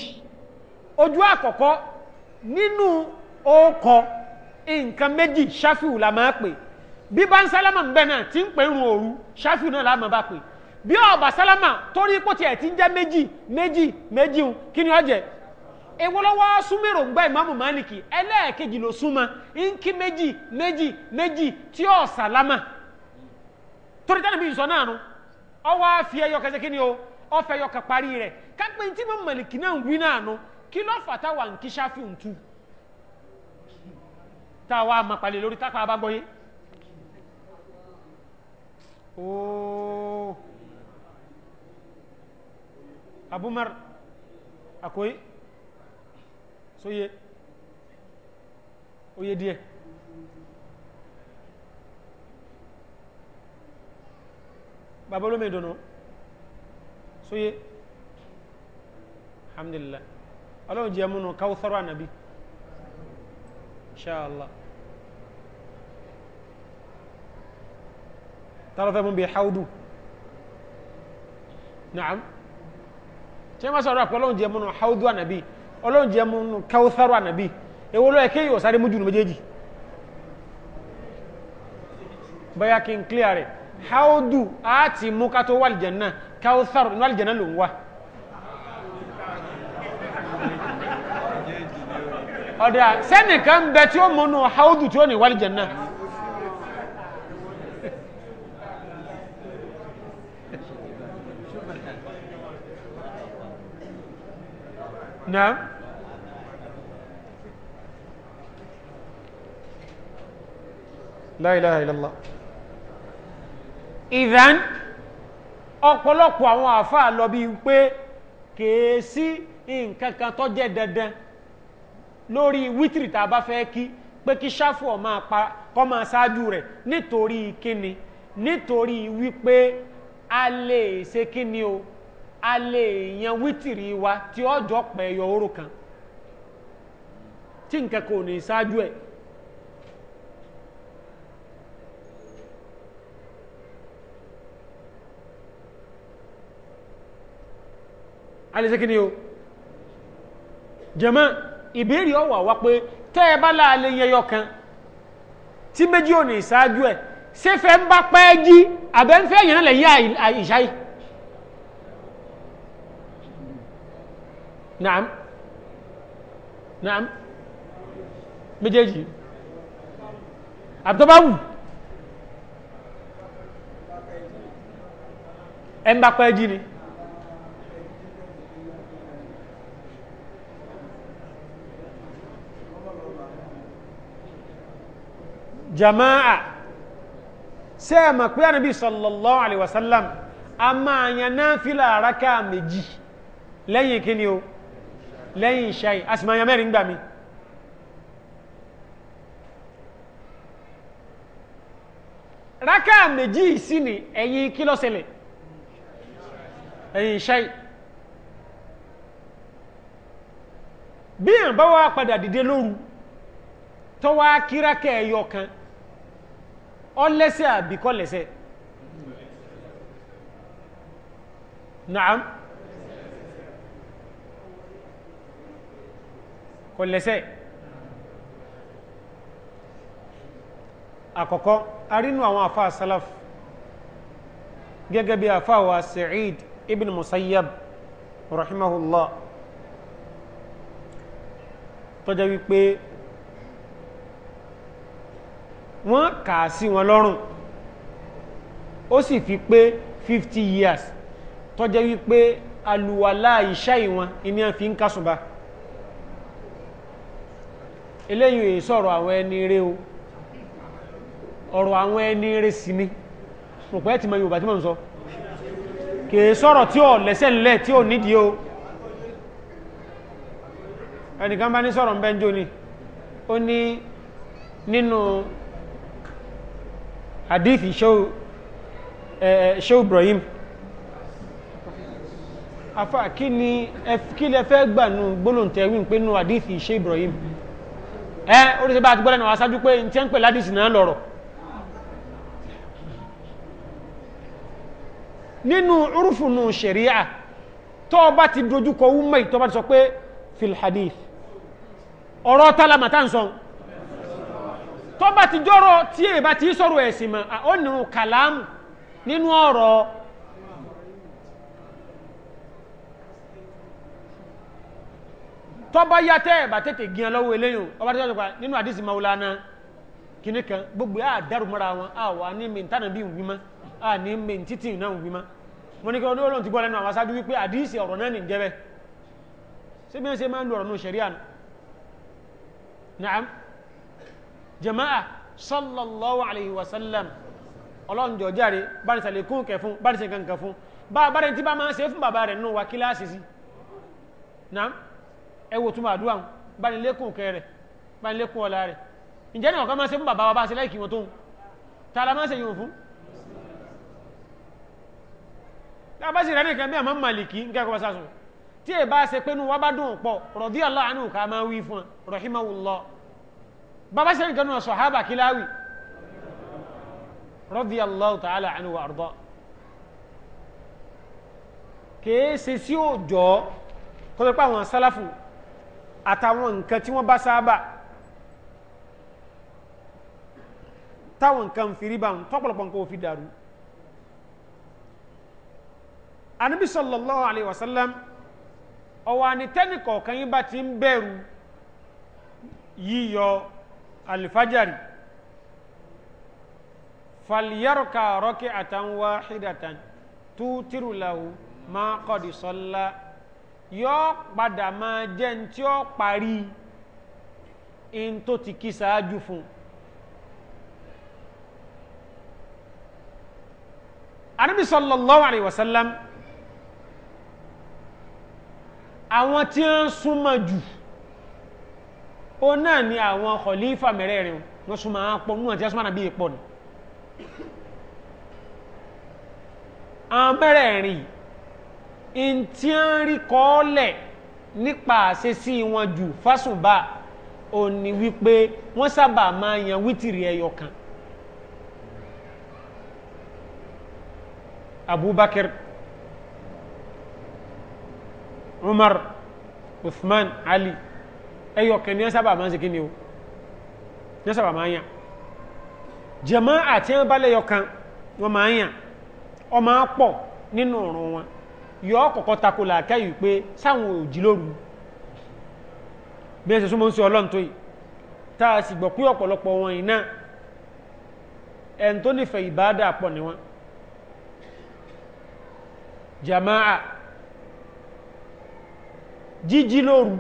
ojú àkọ́kọ́ nínú ọkọ̀ nǹkan méjì ṣáfù la máa pè bí bá ń sálámà ń bẹ náà tí ń pè òru ṣáfù náà la máa bá pè bí ọba sálámà torí ipò tiẹ̀ ti ń jẹ́ méjì méjì méjì ń kí ni ọ jẹ́ ìwọlọ́wọ́ súnmẹ́rò gba ìmáàmù máàlìkì ẹlẹ́ẹ̀kejì ló súnmọ́ ń kí méjì méjì méjì tí ọ sálámà torí tẹ́lẹ̀ mi sọ náà nu ọwọ́ àfi ẹyọ kẹsẹ́ kí ni o ọfẹ ẹyọ kan parí rẹ̀ kápẹ́ tí mo máàlìkì náà ń wí náà nu kí ló fàtà wà ń kí sáfì ń tu tá a wá máa palẹ̀ lórí tápá abágbọ́yé ooo abu mar akwai soye oye díẹ̀ baba olómi ìdùnnú soye alhamdulillah ọlọ́run jẹ́ múnu káwọ́sọ́rọ̀ ànàbí inshallah tààrà fẹ́ mú bí haudu na'am tí wọ́n bá sọ̀rọ̀ àpò ọlọ́run jẹ́ múnú haudu anabi, ọlọ́run jẹ́ múnú kawtharu ànàbí èwo ló yẹ kí yóò sáré mújú méjèèjì bóyá kí n clear rẹ̀ haudu a ti mú ká tó wà lìjẹ̀nà kawtharu inú àlìjẹ̀nà ló ń wà ọ̀dà sẹ́nìkan bẹ tí ó múnú نعم لا إله إلا الله إذن ọ̀pọ̀lọpọ̀ àwọn àfáà lọ bí pé kèé sí nǹkankan tó jẹ́ dandan lórí wítìrì tá a bá fẹ́ kí pé kí ṣáfù ọ̀ máa pa kọ́ máa rẹ̀ nítorí kíni nítorí wípé a lè ṣe kíni o a lè yan wítìrì wa tí ọjọ́ pẹ̀ ẹyọ oró kan tí nǹkan kò ní ṣáájú ẹ̀ alẹ́sẹ́kíní o jẹ́mọ́ ìbéèrè ọwà wá pé tẹ́ ẹ bá láàlẹ́ yẹyọ kan tí méjì ò ní ìṣáájú ẹ̀ ṣé fẹ́ ń bá pẹ́ jí àbẹ́ ń fẹ́ yẹn lẹ́yìn àìṣáyìí naam naam méjèèjì àtọ́báwù ẹ̀ ń bá pẹ́ jí ni. jama'a ṣé ẹ mọ̀ pé ànábì sallallahu alaihi wasallam a máa yan náà fìlà àràkà méjì lẹ́yìn kíni o lẹ́yìn ìṣáì a sì máa yan mẹ́rin gbà mí rákà méjì sí ni ẹ̀yìn kí ló ṣẹlẹ̀ ẹ̀yìn ìṣáì bí ẹ̀ bá wá padà dìde lóru tó wá kírákẹ́ ẹyọ kan ọ lẹ́sẹ̀ àbíkọ́ lẹ́sẹ̀ naam. kò lẹ́sẹ̀ àkọ́kọ́ arínú àwọn àfáà salaf gẹ́gẹ́ bí àfáà wa Sa'id ibn Musayyab rahimahullah tọ́jẹ́ wípé wọ́n kà sí wọn lọ́rùn ó sì fi pé 50 years tọ́jẹ́ wípé aluwala ìṣá ìwọn ìní àfi ń kásùnbà eléyìí èyí sọ̀rọ̀ àwọn ẹni rẹ o ọ̀rọ̀ àwọn ẹni rẹ sì ni mo pẹ́ ti mọ Yorùbá tí mo ń sọ kìí sọ̀rọ̀ tí ò lẹ́sẹ̀ ńlẹ̀ tí ò nídìí o ẹnìkan bá ní sọ̀rọ̀ mbẹ́njó ni ó ní nínú hadith Shehu Ibrahim afa kí ni ẹ fẹ́ gbà nù gbólóǹtẹ̀wìn pé nù hadith Shehu Ibrahim ẹ oríṣi bá a ti gbọ́dọ̀ náà aṣáájú pé n tẹ́ ń pè ládìsì náà lọ̀rọ̀ nínú urufunu ṣẹ̀ríà tó o bá ti dojúkọ umar tó o bá ti sọ pé fil ọ̀rọ̀ tálámà tá tó bá ti jọ́rọ̀ tí èyí bá ti sọ̀rọ̀ ẹ̀sìn mọ́ tọ́ba yá tẹ́ ẹ̀ bá tètè gíyan lọ́wọ́ eléyìí ọba tó yàtọ̀ pa nínú àdìsí Maulana kìnnì kan gbogbo yà á dàrú mọ́ra wọn a wà ní mẹ́ntánà bí wí mọ́ a ní mẹ́ntítì náà wí mọ́ wọn ni kí wọn lóun ti gbọ́ lẹ́nu àwọn aṣáájú wípé àdìsí ọ̀rọ̀ náà nìjẹ́ bẹ́ẹ̀ ṣé bí wọ́n ṣe máa ń lo ọ̀rọ̀ nù ṣẹ̀ríà nù naam jama'a sallallahu alayhi wa sallam ọlọ́run jọ járe bá ní sàlékún kẹ fún ẹ wo túmọ̀ àdúrà bá ní lékún kẹ rẹ̀ bá ní lékún ọlá rẹ̀ ǹjẹ́ ní ọ̀kan máa se fún bàbá wa bá ṣe láìkí wọn tó ń ta la máa ṣe yìí fún tá a bá sì rẹ̀ nìkan bí àmọ́ màlìkì ń kẹ́kọ̀ọ́ sásùn tí ẹ bá ṣe pé nu wa bá dùn pọ̀ radiyallahu arda kèé ṣe sí òòjọ́ kọ́sọ́pá àwọn sálàfù àtàwọn nǹkan tí wọ́n bá sáábà táwọn nǹkan fìrí bá ń tọ́pọ̀lọpọ̀ nǹkan òfin dàrú anabi sallallahu alayhi wa sallam ọwọ́ anitẹ́ni kọ̀ọ̀kan yín bá ti ń bẹ̀rù yíyọ alifajari falyarka rọ́kẹ́ àtàwọn wáhídàtàn tútìrù lahu ma qad salla yọ padà máa jẹ́ ní tí ó parí in tó ti kí ṣáájú fún anábì sallallahu alaihi wasallam àwọn tí ó ń súnmọ́ jù ó náà ni àwọn khalifa mẹ́rẹ̀ẹ̀rin wọ́n súnmọ́ àwọn pọ̀ níwọ̀n tí a súnmọ́ àbí ìpọ̀ ni àwọn mẹ́rẹ̀ẹ̀rin yìí ntí ń rí kọ́ọ́lẹ̀ nípa àṣesí wọn jù fásùnbà ò ní wípé wọ́n sábà máa yan wítìrì ẹyọ kan abubakar umar uthman ali ẹyọ kan ní wọ́n sábà máa ń ṣe kí ni o ní wọ́n sábà máa ń yàn jàmáà àti ẹ̀yán balẹ̀ ẹyọ kan wọ́n máa ń yàn ó máa pọ̀ nínú ọ̀run wọn yọ kọ̀kọ́ tako làákẹ́ yìí pé sáwọn òjì lóru bí ẹsẹ̀ súnmọ́ ń sọ ọlọ́run tó yìí tá a sì gbọ́ pé ọ̀pọ̀lọpọ̀ wọn yìí náà ẹni tó nífẹ̀ẹ́ ìbáadà pọ̀ ni wọn jàmáà jíjí lóru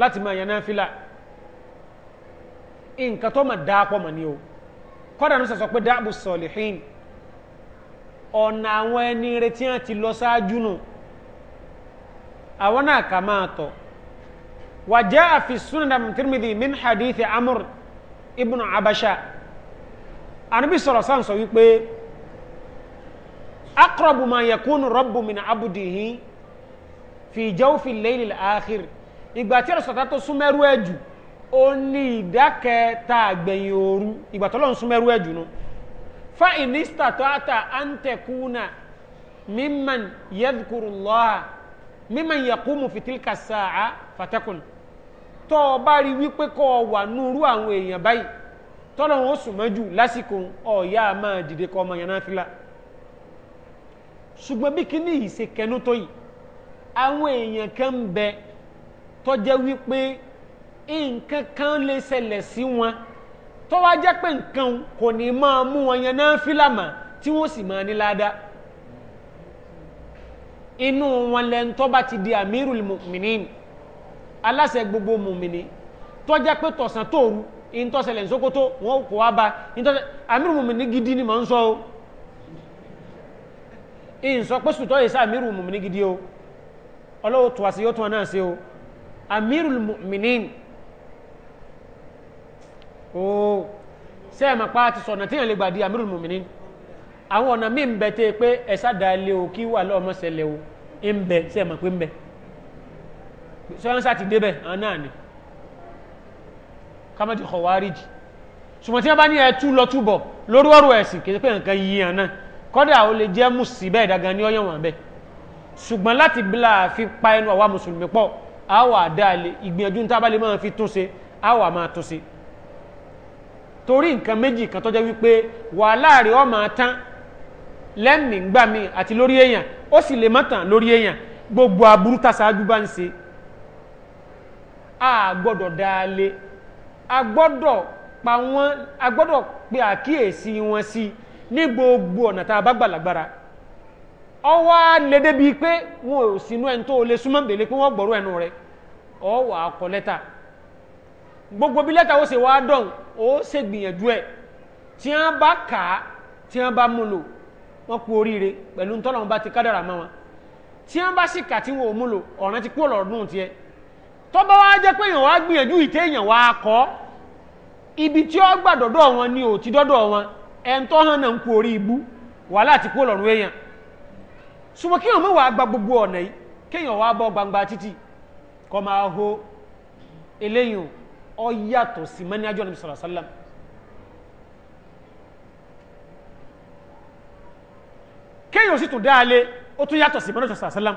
láti máa yẹn náà fílà nǹkan tó mà dáa pọ̀ mà ní o kọ́dà ní sọ pé dáàbò sọ̀lìhìn ọ̀nà àwọn ẹni retí hàn ti lọ sáájú nù àwọn náà kà máa tọ̀ wàjẹ́ àfisúnà dàm tìrìmìdì min hadithi amur ibn abasha àníbi sọ̀rọ̀ sáà sọ wípé akọrọ̀bù ma yakunu rọ́bù min abudihi fi jawfi layli al-akhir ìgbà tí ọ̀sọ̀tà tó súnmẹ́rú ẹ̀jù ó ní ìdákẹ́ta àgbẹ̀yìn òru ìgbà tó lọ́n súnmẹ́rú ẹ̀jù náà fa inistatata an takuna mimman yadhkuru Allah mimman yaqumu fi tilka sa'a fatakun tó bá rí wípé kó wà nuru àwọn èyàn báyìí tọ́lọ̀ wọn sùnmọ́jú lásìkò ọ̀yá máa dìde kọ ọmọ yànà fílà ṣùgbọ́n bí kí ní ìṣe kẹnú tó yìí àwọn èèyàn kan ń bẹ tó jẹ́ wípé nǹkan kan lè ṣẹlẹ̀ sí wọn tó wá jẹ́ pé nǹkan kò ní máa mú wọn yẹn náà fílàmà tí wọ́n sì máa ní ládá inú wọn lẹ́n tó bá ti di amirul mu'minin aláṣẹ gbogbo mu'mini tó jẹ́ pé tọ̀sán tóoru ìntọ́sẹ̀lẹ̀ ìsókótó wọn kò wá bá amirul mu'mini gidi ni mà ń sọ o ìsọ pé sùtọ́ yìí sá amirul mu'mini gidi o ọlọ́wọ́ tó wá sí yóò tún wọn náà sí o amirul mu'minin ooo sẹ́ẹ̀mà pa ti sọ̀nà tí yàn lè gbàdí àmírù mùmìnì àwọn ọ̀nà míì ń bẹ tẹ́ pé ẹ̀sà dalé o kí wà lọ́ọ̀mọ́ sẹlẹ̀ o ń bẹ sẹ́ẹ̀mà pé ń bẹ sọ́yánṣà ti débẹ̀ àwọn náà ni kámẹ́tì kọ̀wárìjì ṣùgbọ́n tí wọ́n bá ní ẹtú lọ túbọ̀ lórí ọ̀rọ̀ ẹ̀sìn kì í pé nǹkan yí hàn náà kọ́dà ó lè jẹ́ mùsì bẹ́ẹ̀ dagan ní ọyàn wọn bẹ́ẹ̀ ṣùgbọ́n láti bílà fi pa ẹnu àwa mùsùlùmí pọ̀ àwa àdáàlẹ̀ ìgbìyànjú ní tábàlẹ̀ máa fi túnṣe àwa máa túnṣe torí nǹkan méjì kan tọ́jọ́ wípé wà rẹ̀ ọmọ tán lẹ́mìí gbà mí àti lórí èèyàn ó sì lè mọ́tàn lórí èèyàn gbogbo aburú tàṣáájú bá ń a dáalé a pa pe àkíyèsí wọn sí ní gbogbo ọ̀nà tá a bá gbàlagbára lè débi pé wọn ò sínú ẹni tó lè súnmọ́ bèlè pé wọ́n gbọ́rọ̀ ẹnu rẹ̀ lẹ́tà gbogbo bí o se gbiyanju tí wọ́n bá ba á tí wọ́n bá mú lò wọ́n kú oríire pẹ̀lú ntọ́lọ́wọ́n bá ti kádàrà mọ́ wọn tí wọ́n bá sì kà tí wọ́n ò mú ọ̀ràn ti kú ọ̀lọ́dún tiẹ̀ wa ibi ni ti dọ́dọ̀ wọn ẹ̀ńtọ́ hàn náà ń kú gba gbogbo ọ̀nà yìí kéèyàn gbangba titi ho ọ yàtọ̀ sí mẹ́ni àjọ níbi sọ̀rọ̀ sálàm kéèyàn sì tún dáalé ó tún yàtọ̀ sí mẹ́ni àjọ sọ̀rọ̀ sálàm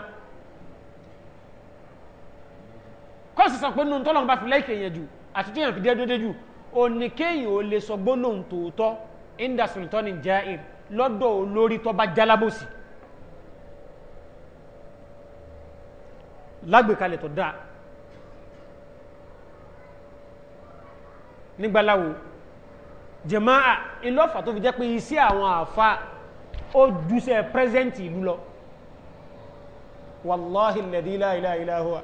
kọ́ sì sọ pé nínú tọ́lọ́n bá fi láìkè yẹn jù àti tí yẹn fi déédéé jù ò ní kéèyàn ò lè sọ tòótọ́ indasùn ni jair lọ́dọ̀ olórí tó bá jálábòsì lágbèkalẹ̀ tó dáa nígbàláwo jẹ̀máà ìlọ́fà tó fi jẹ́ pé iṣẹ́ àwọn àfa ó dúṣẹ́ pẹ́sẹ́ǹtì ìlú lọ wàláhì lẹ́dí láìlá ìlàhùwà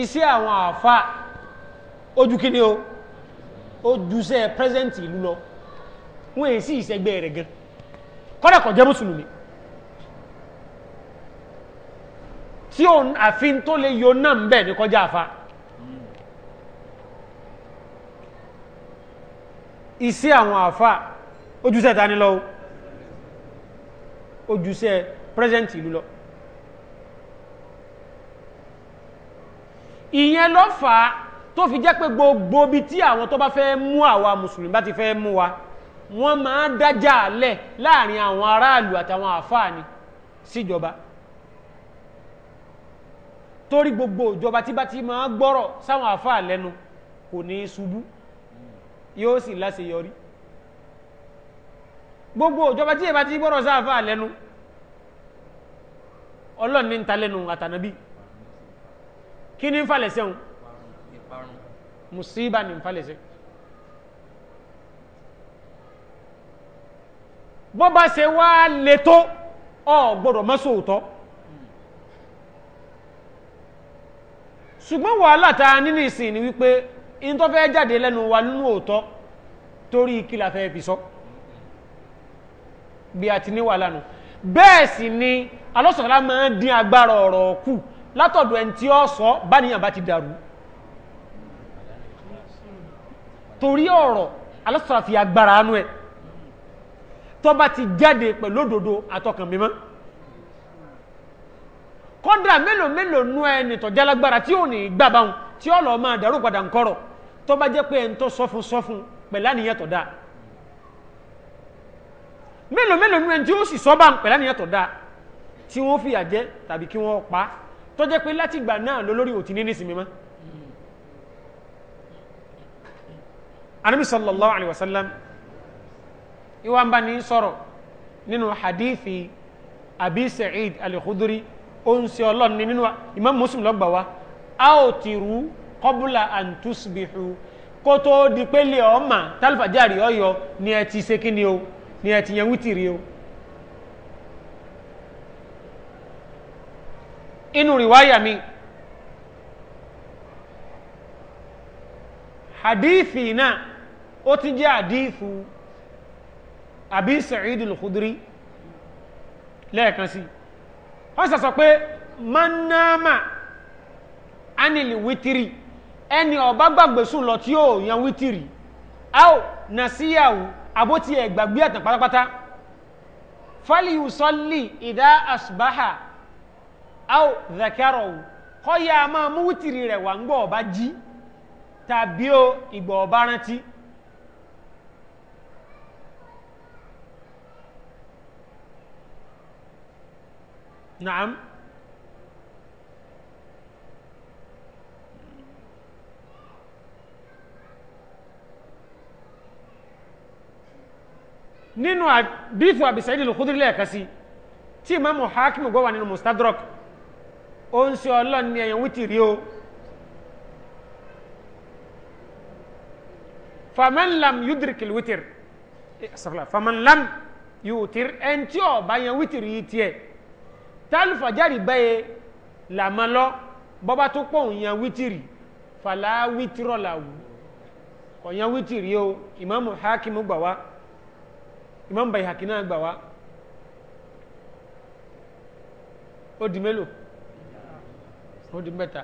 iṣẹ́ àwọn àfa ojú kí ni o ó dúṣẹ́ pẹ́sẹ́ǹtì ìlú lọ wọ́n èyí sí ìṣẹ́gbẹ́ rẹ̀ gan kọ́dà kò jẹ́ mùsùlùmí tí òun àfin tó lè yọ náà ń bẹ̀ ní kọjá àfa iṣẹ́ àwọn àfà ojúṣẹ́ ta ní lọ ojúṣẹ́ pẹ́sẹ̀ntì ìlú lọ ìyẹn lọ fà á tó fi jẹ́ pé gbogbo bí tí àwọn tó bá fẹ́ mú àwa mùsùlùmí bá ti fẹ́ mú wa wọ́n máa dájà lẹ̀ láàrin àwọn aráàlú àtàwọn àfà ni síjọba torí gbogbo ìjọba tí bá ti máa gbọ́rọ̀ sáwọn àfà lẹ́nu kò ní ṣubú yóò sì láṣeyọrí gbogbo ìjọba tí ìbá ti gbọ́dọ̀ sáfà lẹ́nu ọlọ́run ní ń ta lẹ́nu àtànábì kí ní ń falẹ̀ sẹ́hun musiba ní ń falẹ̀ sẹ́hun bó bá ṣe wá le tó ọ gbọ́dọ̀ mọ́ sóòótọ́ ṣùgbọ́n wàhálà ta nínú ìsìn ni wípé in tó fẹ́ jáde lẹ́nu wa nínú òótọ́ torí kí fẹ́ fi sọ bí a ti ní wà bẹ́ẹ̀ sì ni alọ́sọ̀tàlá máa ń dín agbára ọ̀rọ̀ kù látọ̀dọ̀ ẹni tí ó sọ báníyàn bá ti dàrú torí ọ̀rọ̀ alọ́sọ̀tàlá fi agbára anú ẹ̀ tó bá ti jáde pẹ̀lú òdodo àtọkàn mímọ́ kọ́dà mélòó mélòó nú ẹni tó tí ò ní gbà tí ó máa dàrú padà ń kọ́rọ̀ tó bá jẹ́ pé ẹ̀ ń tó sọ́fún sọ́fún pẹ̀lá nìyẹn tó dáa mélòó mélòó nínú ẹni tí ó sì sọ́bà pẹ̀lá nìyẹn tó dáa tí wọ́n fìyà jẹ tàbí kí wọ́n pa tó jẹ́ pé láti ìgbà náà lólórí òtí ní nísìmí mọ́ anabi sallallahu alayhi wa sallam iwa ń bá ní sọ̀rọ̀ nínú hadithi abi sa'id al-khudri ó ń ṣe ọlọ́run nínú imam muslim lọ́gbà wa a ò ti rú kọ́bùlà àǹtúsbìhù kó tó di pé lè ọmọ tálfàjárì ọyọ ni ẹ ti ṣe kí ni o ni ẹ ti yẹn wítìrí o inú rìwáyà mi hadithi náà ó ti jẹ́ hadithu àbí sa'id al-khudri lẹ́ẹ̀kan sí wọ́n sọ pé man anil witiri ẹni ọba gbàgbé sùn lọ tí ó yan wítìrì ao na síyàwó àbótí ẹ̀ gbàgbé ẹ̀tàn pátápátá fáliyù sọ́lì ìdá àṣùbáhà ao zakaro kọ́yà máa mú wítìrì rẹ̀ wà ń gbọ́ ọba jí tàbí ó ìgbọ̀ ọba rántí naam nínú àdífù àbìsàídì lòkúdúrí lẹ́ẹ̀kan sí tí ìmáàmù hakim gbọ́wà nínú mustadrak ó ń ṣe ọlọ́run ní ẹ̀yàn wítìrí o famanlam yudrikil wítìr eh, famanlam yudrikil ẹn tí ó bá yan wítìrí yìí tiẹ̀ tálùfàjárì báyẹ làmọ́lọ́ bọ́bá tó pọ̀hùn yan wítìrí fàlá wítìrọ̀ làwù kọ̀ yan wítìrí o ìmáàmù hakim gbà Imam Bayhaqi náà gbà wá ó di mélòó ó di mẹ́ta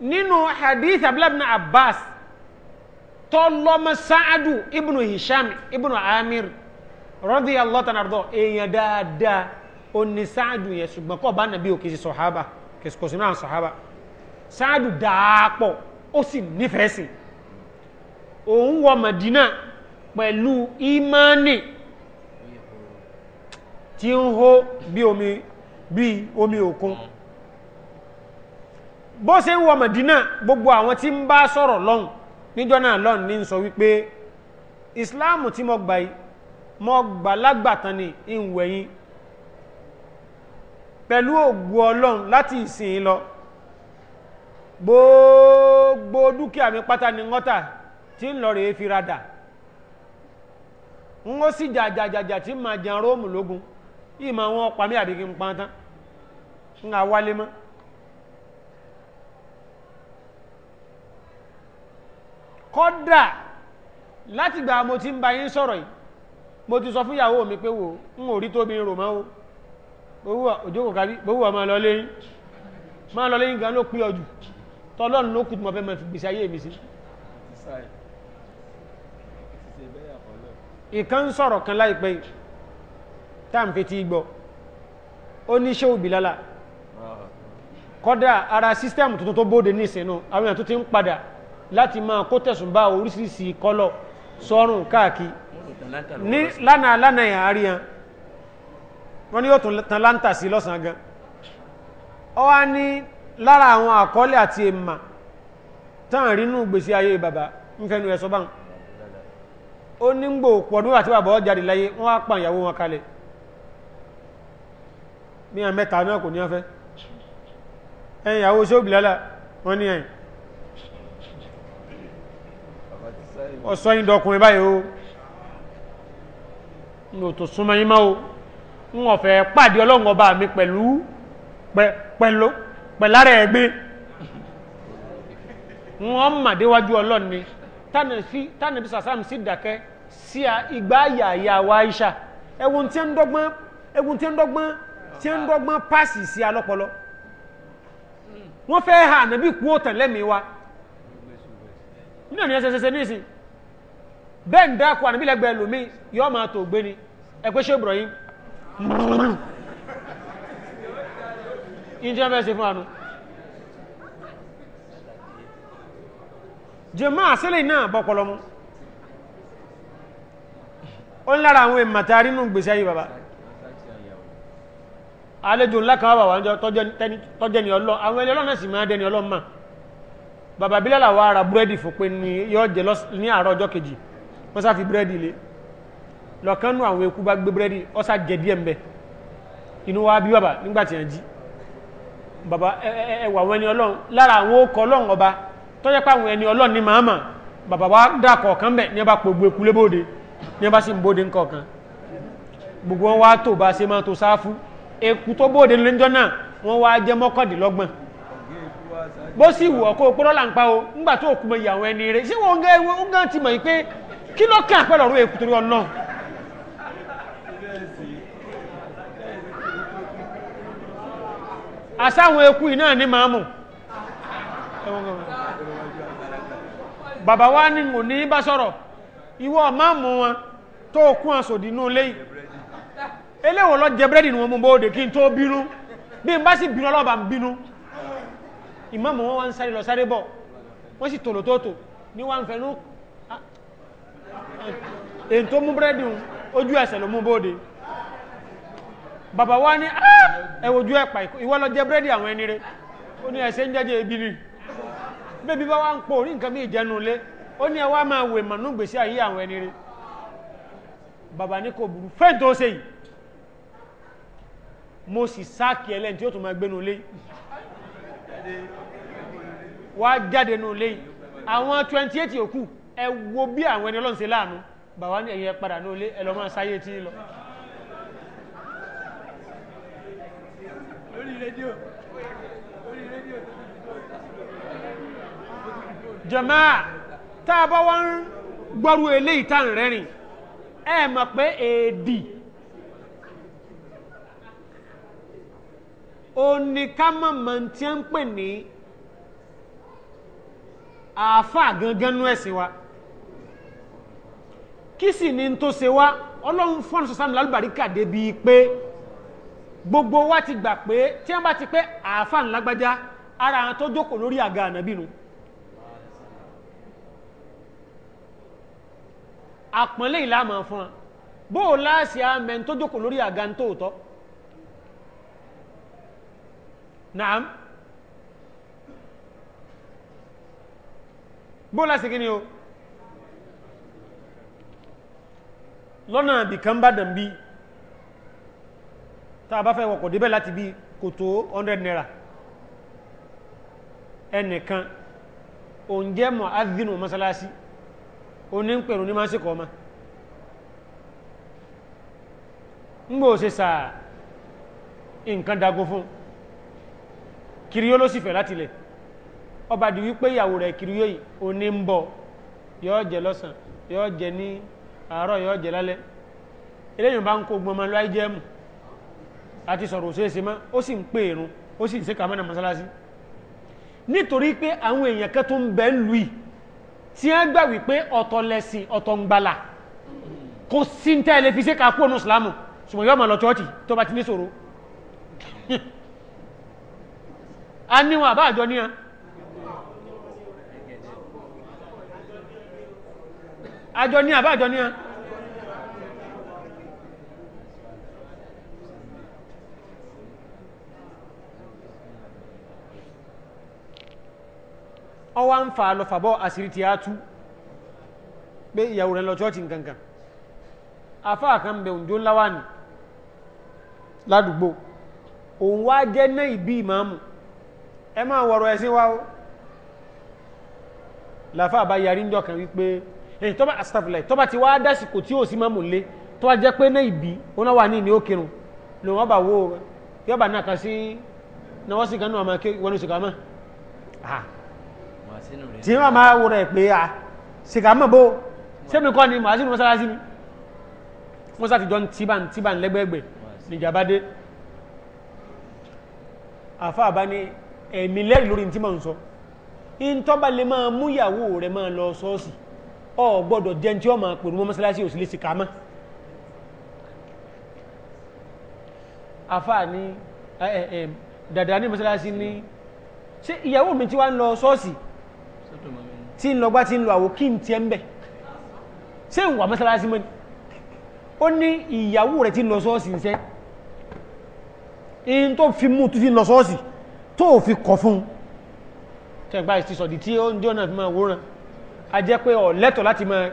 nínú hadith abdullahi ibn abbas tọ́lọ́mọ sáádù ibnu hisham ibnu amir radiyallahu ta'ala anhu èèyàn dáadáa ó ní sáádù yẹn ṣùgbọ́n kọ́ bá nàbí òkè sí sọ̀hábà kò sí náà sọ̀hábà sáádù dáa pọ̀ ó sì nífẹ̀ẹ́ sí òun madina pẹ̀lú ìmánì tí ń hó bí omi bí omi òkun bó ṣe ń wọ Mẹ̀dínà gbogbo àwọn tí ń bá sọ̀rọ̀ lọ́hùn níjọ́ náà lọ́hùn ní sọ wípé ìsìláàmù tí mo gbà yìí mo gbà lágbàtàn ní ìwẹ̀yìn pẹ̀lú ògbò ọlọ́run láti ìsìn lọ gbogbo dúkìá mi pátá ni ngọ́tà tí ń lọ rèé fi radà n ó sì jàjàjàjà tí màá jẹun róòmù lógun yìí máa wọn pa mí àbí kí n pa tán n à wálé mọ́. kọ́dà látìgbà mo ti ń ba sọ̀rọ̀ yìí mo ti sọ fún mi pé wò n ò rí tóbi rò mọ́ o bówúwà òjòkò kárí bówúwà máa lọ lẹ́yìn máa lọ lẹ́yìn gan ló pín ọjù tọ́lọ́run ló kù tí fẹ́ máa fi gbèsè ayé mi sí. ìkan sọ̀rọ̀ kan láìpẹ́ táàmfẹ́ ti gbọ́ ó ní ṣe òbí lálá kọ́dá ara sístẹ́mù tuntun tó bóde ní ìsinú àwọn èèyàn tó ti ń padà láti máa kó tẹ̀sùn bá oríṣiríṣi kọ́lọ̀ sọ́rùn káàkì ní lánàá lánàá wọ́n yóò tan sí lọ́sàn gan ọ wá ní lára àwọn àkọọ́lẹ̀ àti èèmà rínú gbèsè ayé bàbá ń fẹ́nu ó ní ń gbò pọ̀dún àti bàbá ọjàdì láyé wọ́n á pa ìyàwó wọn kalẹ̀ ní à mẹ́ta náà kò ní ọfẹ́ ẹ̀yìn ìyàwó ṣóòbì lálà wọ́n ní ẹ̀yìn ọ̀sọ́ yìí dọkùnrin báyìí o ní ò tó súnmọ́ yín máa o ń ọ̀fẹ́ pàdé ọlọ́run ọba mi pẹ̀lú pẹ̀lú pẹ̀lára ẹ̀gbẹ́ wọ́n mà déwájú ọlọ́run tánàbí sàsám sí dákẹ́ sí igbá àyàyà wa Aisha ẹwùn tí ń dọ́gbọ́n ẹwùn tí ń dọ́gbọ́n tí ń dọ́gbọ́n pàṣì sí alọ́pọlọ wọ́n fẹ́ ha ànàbí kú òtàn lẹ́mìí wa nínú ẹni ẹsẹsẹsẹ ní ìsìn bẹ́ẹ̀ ń dákọ̀ ànàbí lẹ́gbẹ̀ẹ́ lómi yọ́ máa tó gbé ni ẹgbẹ́ ṣe Ibrahim ìjọba ẹsẹ̀ fún àánú jẹmọ́ àṣílẹ̀ náà bọ́pọ̀lọ́ mú ó ń lára àwọn èmàtà rínú gbèsè ayé bàbá àlejò ńlá kan wà wájọ tọ́jẹ́ ni ọlọ́ àwọn ẹni ọlọ́nà sì máa dẹni ọlọ́ mà bàbá bílẹ̀ làwọn ara búrẹ́dì fòpin ni yọ jẹ ní àárọ̀ ọjọ́ kejì wọ́n sá fi búrẹ́dì lé lọ́kàn nú àwọn eku bá gbé búrẹ́dì ó sá jẹ díẹ̀ mbẹ inú wa bí bàbá nígbà tí wọ́n jí bàbá ẹwà àwọn ẹni ọlọ́run lára àwọn ó kọ ọlọ́run ọba tọ́jẹ́ pé àwọn ẹni ọlọ́run ní bàbá wa dà kọ̀ọ̀kan bẹ̀ ní ọba bá pògbó eku ní ẹ sí sì ń bòde gbogbo wọn wá tó bá ṣe máa tó sáfú eku tó bòde lójọ́ náà wọ́n wá jẹ́ mọ́kàndínlọ́gbọ̀n bó sì wù ọkọ̀ òpórọ́ là o ńgbà tó òkú mọ iye bàbá wa ní mò ní bá sọ̀rọ̀ ìwọ máàmù wọn tó kún àsòdì inú ilé yìí eléwò lọ jẹ búrẹ́dì ni wọn mú bóde kí n tó bínú bí n bá sì bínú ọlọ́ba ń bínú ìmáàmù wọn wá ń sáré lọ sáré bọ̀ wọ́n sì tòlò tó ní wọ́n fẹ́ nú èyí tó mú búrẹ́dì ojú ẹsẹ̀ ló mú bóde bàbá wa ní ah! ẹ wojú ẹ̀ pa ìwọ lọ jẹ búrẹ́dì àwọn ẹni rẹ ó ní ẹsẹ̀ ń jẹ́jẹ́ ebi ni bébí bá wá ń pò ní nǹkan bí ìjẹnu lé ó ní ẹwà máa wè mọ̀ nú gbèsè ayé àwọn ẹni rí bàbá ní kò burú fẹ́ tó ṣe yìí mo sì sáàkì ẹlẹ́ni tí ó tún máa gbénu lé wá jáde nù àwọn 28 yòókù ẹ wo bí àwọn ẹni ọlọ́run láàánú bàbá ní ẹ̀yìn padà nù ẹ lọ máa sáyé tí lọ lórí rédíò jàmáà tá a bá wá ń gbọ́rú eléyìí tá à ń rẹ́rìn ẹ mọ̀ pé èdì oníkámọ̀mọ̀ tí ń pè ní àáfà gangan nú ẹ̀sìn wa kí sì ni tó ṣe wá ọlọ́run fún ọ̀nà sọ́sàmì lálùbáríkà débi pé gbogbo wa ti gbà pé tí wọ́n bá ti pé àáfà ńlágbájá ara àwọn tó jókòó lórí àga ànábìnú àpọ́nlé ìlàmọ̀ fún wọn bó o láàsì àmẹ́ tó jókòó lórí àga tó tọ́ naam bó láti kí ni o lọ́nà àbìkan bá dàn bí tá a bá fẹ́ wọkọ̀ débẹ̀ láti bí kò tó 100 naira ẹnìkan òun jẹ́ mọ̀ ádínú mọ́sálásí onípẹ̀rún ní máa ń sèkọ́ ọmọ ńgbò ṣe sàá nǹkan dago fún kiriyó ló sì fẹ́ láti lẹ̀ ọba di wípé ìyàwó rẹ̀ kiriyó yìí oní ń bọ̀ yóò jẹ lọ́sàn yóò jẹ ní àárọ̀ yóò jẹ lálẹ́ eléyìí bá ń kó gbọmọ lọ àìjẹmù àti sọ̀rọ̀ òṣèṣe mọ́ ó sì ń pè irun ó sì ń ṣe kàmánà mọ́sálásí nítorí pé àwọn èèyàn kan ń bẹ ń tí wọ́n gbà wípé ọ̀tọ̀ lẹ́sìn ọ̀tọ̀ ń gbàlà kò sí ń tẹ́lẹ̀ fi ṣe ká kú ònú ìsìlámù ṣùgbọ́n yóò máa lọ chọ́ọ̀tì tó bá ti ní ṣòro a níwọ̀n àbá àjọ níyàn àjọ níyàn àbá àjọ níyàn ọwá ń fa lọ fàbọ́ àsìrí ti á tú pé ìyàwó rẹ̀ lọ chọ́ọ̀tì nkankan afá kan bẹ̀ òǹdó ńláwà ní ládùúgbò òun wá jẹ́ náà ìbí ìmáàmù ẹ máa wọ̀rọ̀ ẹ̀sìn wá ó làfá àbá yarí ńjọ kan wípé ẹ̀yìn tọ́ba astafilẹ̀ tọ́ba ti wá dásìkò tí ò sí máàmù lé tó wá jẹ́ pé náà ìbí ó náà wà ní ìní òkèrùn lòun ọba wo yọba náà kan sí náà wọ́n sì kan náà wọn ò sì kan tí wọ́n máa wo rẹ̀ pé a ṣìkà mọ̀ bó ṣé mi kọ́ ni màá sínú mọ́sálásí mi wọ́n sá ti jọ tíban tíban lẹ́gbẹ̀ẹ́gbẹ̀ níjàmbá dé àfa àbá ní ẹ̀mí lẹ́rìí lórí tí màá ń sọ ìtọ́ba lè máa mú ìyàwó rẹ̀ máa lọ sọ́ọ̀sì ọ gbọ́dọ̀ jẹ́ tí wọ́n máa pèrú mọ́ mọ́sálásí òsì lè ṣìkà mọ́ àfa ní dàdà ní mọ́sálásí ní ṣé ìyàwó mi tí ń lọgbá tí ń lọ àwò kí n tiẹ̀ ń bẹ̀ ṣé ń wà mọ́sálásí mọ́ ni ó ní ìyàwó rẹ̀ tí ń lọ sọ́ọ̀sì ńṣẹ́ in tó fi mú tó fi lọ sọ́ọ̀sì tó fi kọ̀ fún tẹ́gbà ìsì sọ̀dí tí ó ń jọ náà fi wòran a jẹ́ pé ó lẹ́tọ̀ọ́ láti máa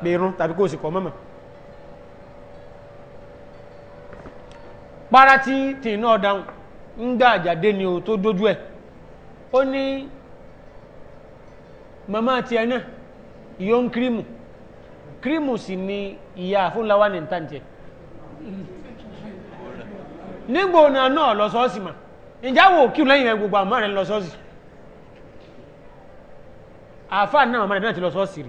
gbèrún tàbí kó o sì kọ̀ mọ́mọ́ para ti tìǹà ọ̀daràn ń gbà àjàdé ni o tó dójú ẹ̀ ó ní mama àti ẹ̀ náà ìyó ń kírímù kírímù sì ni ìyá àfúnláwà ní ìtàǹtẹ̀ nígbò náà náà lọ sọ́ọ̀sì mà ìjáwò kí lẹ́yìn gbogbo àmọ́ rẹ̀ lọ sọ́ọ̀sì mama náà náà ti lọ rí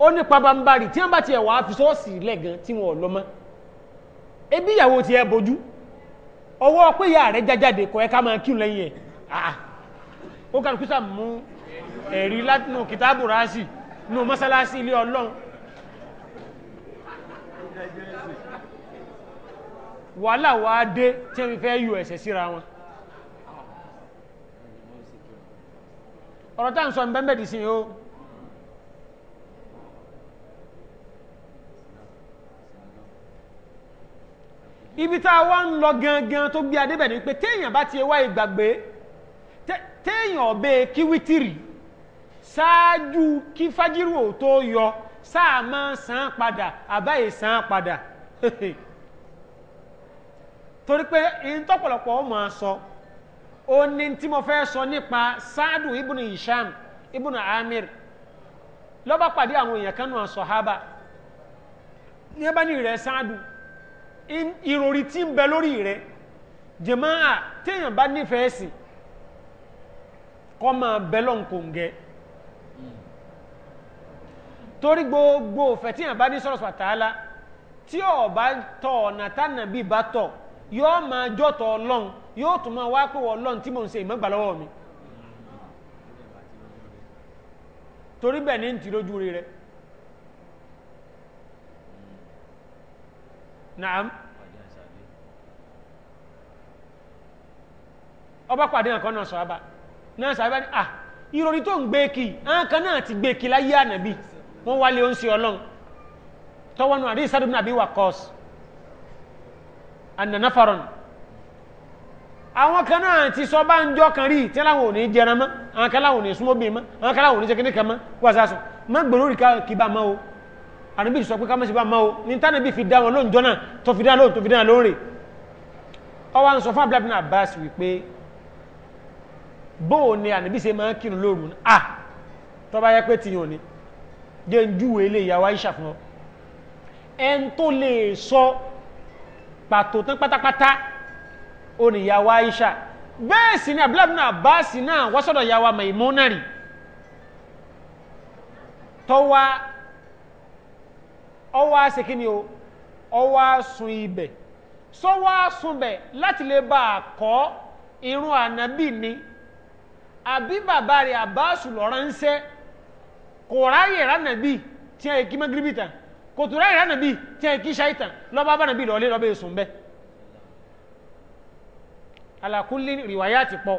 ó ní pabambari tí bá ti ẹ̀wà fi sọ́ọ̀sì lẹ́gan tí lọ mọ́ ebi ìyàwó ti ẹ ọwọ́ pé ìyá rẹ̀ jájáde kọ̀ ẹ́ ká máa kí lẹ́yìn ẹ̀ Ah, ah. ó kàrùkú sà mú ẹ̀rí látinú kìtàbù ráásì nù mọ́sálásí ilé ọlọ́run wàhálà wá dé tí wọ́n fẹ́ yọ ẹ̀sẹ̀ síra wọn ọ̀rọ̀ tá ń sọ ìbẹ́m̀bẹ̀ dì sí o ibi tá a wá ń lọ gangan tó gbé adébẹ̀ ni pé téèyàn bá ti wá ìgbàgbé téèyàn ọ̀bẹ kí wítìrì ṣáájú kí fájírù ò tó yọ sáà máa san padà àbáyé san padà *laughs* torí pé ìtọ́pọ̀lọpọ̀ ọmọ sọ ó ní tí mo fẹ́ sọ nípa sáàdù ibùnú isham ibùnú amir lọ́bá pàdé àwọn èèyàn kanú sàhábà ní ẹbá ní rẹ̀ sáàdù ìròrí tí ń bẹ lórí rẹ̀ jẹ̀máà téèyàn bá nífẹ̀ẹ́ sí kọ́ máa bẹ́lọ̀n kò ń gẹ torí gbogbo òfẹ́ tí àbá ní sọ̀rọ̀ sàtàlá tí ọba tọ̀ ọ̀nà tánà bí bá tọ̀ yóò máa jọ́tọ̀ ọlọ́run yóò tún máa wá pé ọlọ́run tí mò ń ṣe ìmọ̀gbà lọ́wọ́ mi torí bẹ́ẹ̀ ní ti lójú rí rẹ̀ naam ọba pàdé nǹkan náà sọ abá náà sàbẹ́ ní à ah, ìròrí tó ń gbé kí àwọn kan náà ti gbé kí láyé ànàbí wọ́n wálé oúnjẹ ọlọ́run tọ́wọ́nù àdé ìsádùn àbí wà kọ́ọ̀sì ànànáfàrọ̀nù àwọn kan náà ti sọ bá ń jọ kan rí tí aláwọ̀ ò ní jẹran mọ́ àwọn kan láwọ̀ ò ní súnmọ́ bí mọ́ àwọn kan láwọ̀ ò ní jẹ́kíní kan mọ́ wà sásùn má gbèrò rí kí bá mọ́ o àníbí sọ pé ká má sì bá mọ́ o ní tánàbí fi dá wọn lóòjọ́ náà tó fi dá lóòjọ́ tó lóòrè ọwọ́ à ń sọ fún Abdullahi Abbas wípé bóò ni ànàbí ṣe máa ń kírun lóru ní à ah! tọ́ba yẹ pé tiyàn ni jẹ́ ń júwe ilé ìyàwó Aisha fún ọ ẹn tó lè sọ pàtó tán pátápátá ó ní ìyàwó Aisha bẹ́ẹ̀ sì ni abúlábù náà bá sì náà wọ́n sọ̀dọ̀ ìyàwó Maimuna rí tọ́wá ọwá ṣe kí ni o ọwá sun ibẹ̀ sọ́wọ́ sunbẹ̀ láti lè bá a kọ́ irun ànábì ni àbí bàbá rẹ̀ àbáṣù lọ́rọ̀ ń sẹ́ kò ráyè ránàbí tí a kí mẹ́gíríbì tàn kò tó ráyè bí tí a kí ṣáìtàn lọ́bá bánàbí lọ́lé lọ́bẹ̀ èsùn bẹ́ alákúnlé rìwáyà ti pọ̀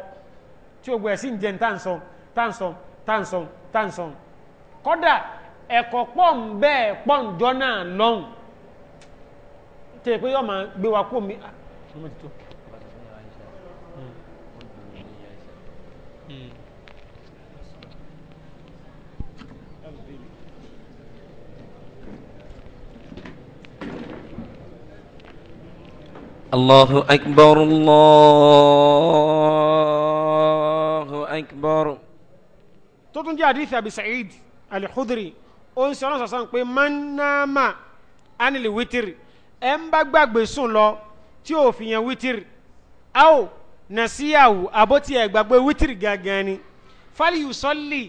tí ó gbẹ̀ẹ́sì ń jẹ́ tánsan tánsan tánsan tánsan kọ́dà ẹ̀kọ́ pọ̀ ń bẹ́ẹ̀ pọ̀ ń jọ náà lọ́hùn tẹ̀ pé yọ́ máa gbé wa kó mi ah, الله أكبر الله أكبر tuntun jẹ́ àdìsí àbí Sa'id al-Khudri ó ń sọ̀rọ̀ sọ̀sán pé manama anil witiri ẹ̀ ń bá gbàgbé sùn lọ tí ò fi yẹn witiri aw nasiyahu àbótí ẹ̀ gbàgbé witiri gangan ni falyusalli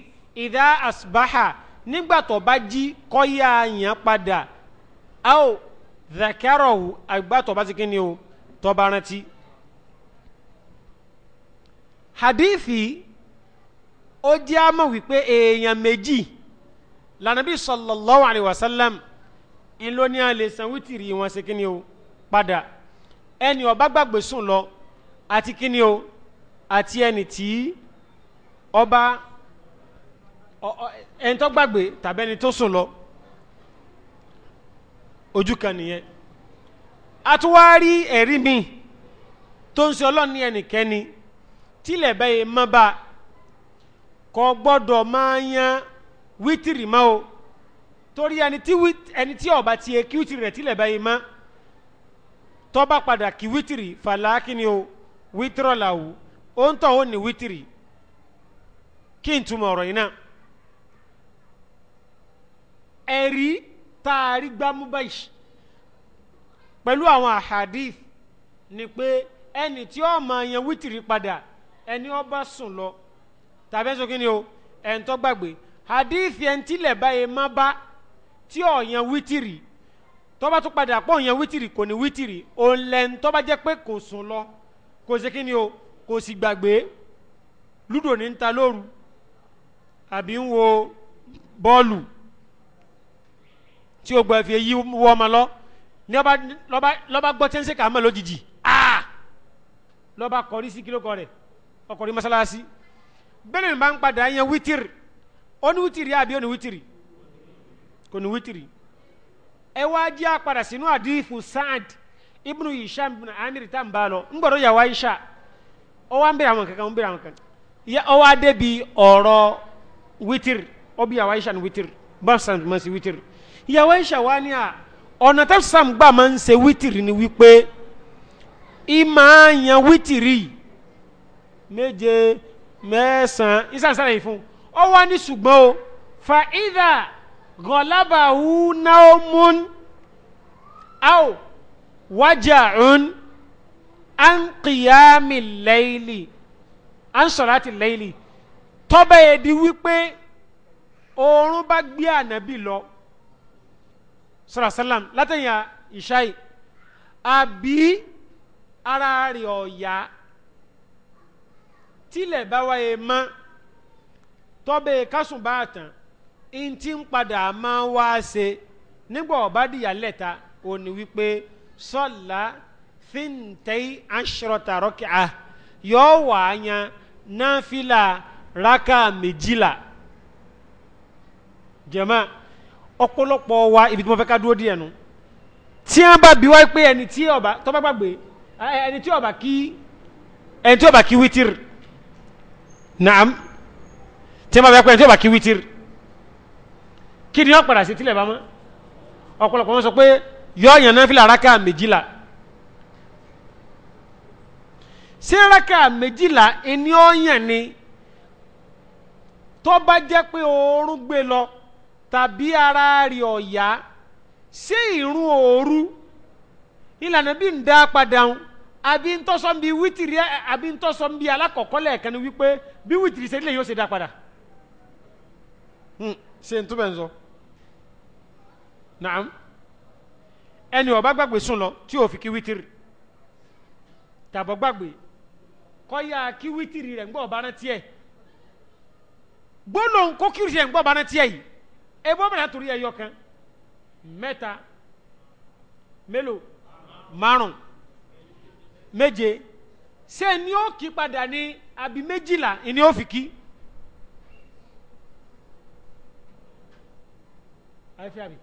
idha asbaha nígbà tó bá jí kọ́yà yẹn padà aw zakarahu àgbà tó bá ti kí ni o tó hadithi ó jẹ́ àmọ́ wípé èèyàn méjì lànàbí sallallahu alayhi wa sallam ńlọ ní alẹ́ san wítìrì wọn ṣe kíni o padà ẹni ó bá gbàgbé sùn lọ àti kíni o àti ẹni tí ó ẹni tó gbàgbé tàbí ẹni tó sùn lọ ojú kan nìyẹn àtúwárí ẹ̀rí mi tó ń ṣe ọlọ́run ní ẹnikẹ́ni tílẹ̀ bẹ́ẹ̀ mọ́ bá kò gbọ́dọ̀ máa yan wítìrì mọ́ o torí ẹni tí ọba ti ekí wítìrì rẹ̀ tílẹ̀ bẹ́ẹ̀ mọ́ tó bá padà kí wítìrì fàlàkìní o wítìrọ̀ làwù ó ń tọ̀ ní wítìrì kí n túmọ̀ ọ̀rọ̀ yìí náà ẹ̀rí tá a rí gbámú pẹ̀lú àwọn àhàdíf ni pé ẹni tí ó máa yan wítìrì padà ẹni ó bá sùn lọ tàbí ẹ̀sùn kí ni o ẹni tó gbàgbé àdíf ẹni tílẹ̀ báyìí má bá tí ó yan wítìrì tó bá tún padà pọ̀ yan wítìrì kò ní wítìrì òun lẹ́ni tó bá jẹ́ pé kò sùn lọ kò sí kí ni o kò sì gbàgbé lúdò ní ń ta lóru àbí ń wo bọ́ọ̀lù tí o gbọ́ fi yí wọ́ ọmọ lọ ní ọba lọba lọba gbọ́ tí ń ṣe kàmọ́ lójijì aa lọba kọrí sí kílókọ rẹ ọkọrí mọ́sálásí bẹ́ẹ̀ ni máa ń padà yẹn wítìrì ó ní wítìrì àbí ó ní wítìrì kò ní wítìrì ẹ wá jẹ́ àpàdà sínú àdìfù Sa'ad ibnu Hisham ibnu Amir tá n bá lọ ń gbọ́dọ̀ yàwá Aisha ó wá ń bèrè àwọn kankan ń bèrè àwọn kankan ó wá débi ọ̀rọ̀ wítìrì ó bí yàwá Aisha ní wítìrì bá sàn sí wítìrì yàwá Aisha wá ní à ọ̀nà tẹ́fù sam gbà máa ń ṣe wítìrì ni wípé ìmọ̀ àyàn wítìrì méje mẹ́sàn-án ìsànsàn yìí fún ọ wá ní ṣùgbọ́n o fa ìdá gọ̀lábàáwú náómún áò wájàún án kìyàmì lẹ́yìlì án sọ̀láti lẹ́yìlì tọ́bẹ̀ yẹ di wípé oorun bá gbé ànábì lọ sọ̀rọ̀sálàm látẹ̀yìn ìṣáì àbí ara rẹ̀ ọ̀yá tílẹ̀ bá wáyé mọ́ tọ́bẹ̀ kásùn bá tàn in ti ń padà máa wá ṣe nígbà ọ̀bá dìyà lẹ́ta òní wípé sọ́lá fíntẹ́ì aṣọ́rọ̀tà rọ́kìá yóò wà á yan náfìlà rákà méjìlá jẹ́mọ́ ọ̀pọ̀lọpọ̀ wa ibi tí mo fẹ́ ká dúró díẹ̀ nu tí wọ́n bá bí wá pé ẹni tí ọba tó bá gbàgbé ẹni tí ọba kí ẹni tí ọba kí wítìr naam tí wọ́n bá bí wá pé ẹni tí ọba kí wítìr kí ni wọ́n padà sí bá mọ́ ọ̀pọ̀lọpọ̀ wọn sọ pé yọ yàn náà fi làrákà méjìlá ṣé rákà méjìlá ẹni ọ̀yàn ni tó bá jẹ́ pé oorun gbé lọ tàbí ara rẹ̀ ọ̀yá ṣé ìrun òru ìlànà bí ń dá padà ń àbí ń tọ́sọ́ ń bi wítìrì àbí ń tọ́sọ́ ń bi alákọ̀ọ́kọ́ lẹ́ẹ̀kan ni wípé bí wítìrì ṣe nílẹ̀ yóò ṣe dá padà ṣe ń túbẹ̀ ń sọ naam ẹni ó bá gbàgbé sùn lọ tí ò fi kí wítìrì tàbọ̀ gbàgbé kọ́yà kí wítìrì rẹ̀ ń gbọ́ ọ̀bá rántí ẹ̀ gbólóhùn kó kírìsì rẹ̀ ń gbọ́ ọ̀bá rántí ẹ̀ yìí Ebo mìíràn torí ẹyọ kan mẹ́ta mélòó márùn méje ṣé ni ó kí padà ní àbí méjìlá ni ó fi kí. àyẹ̀fẹ́ àbí.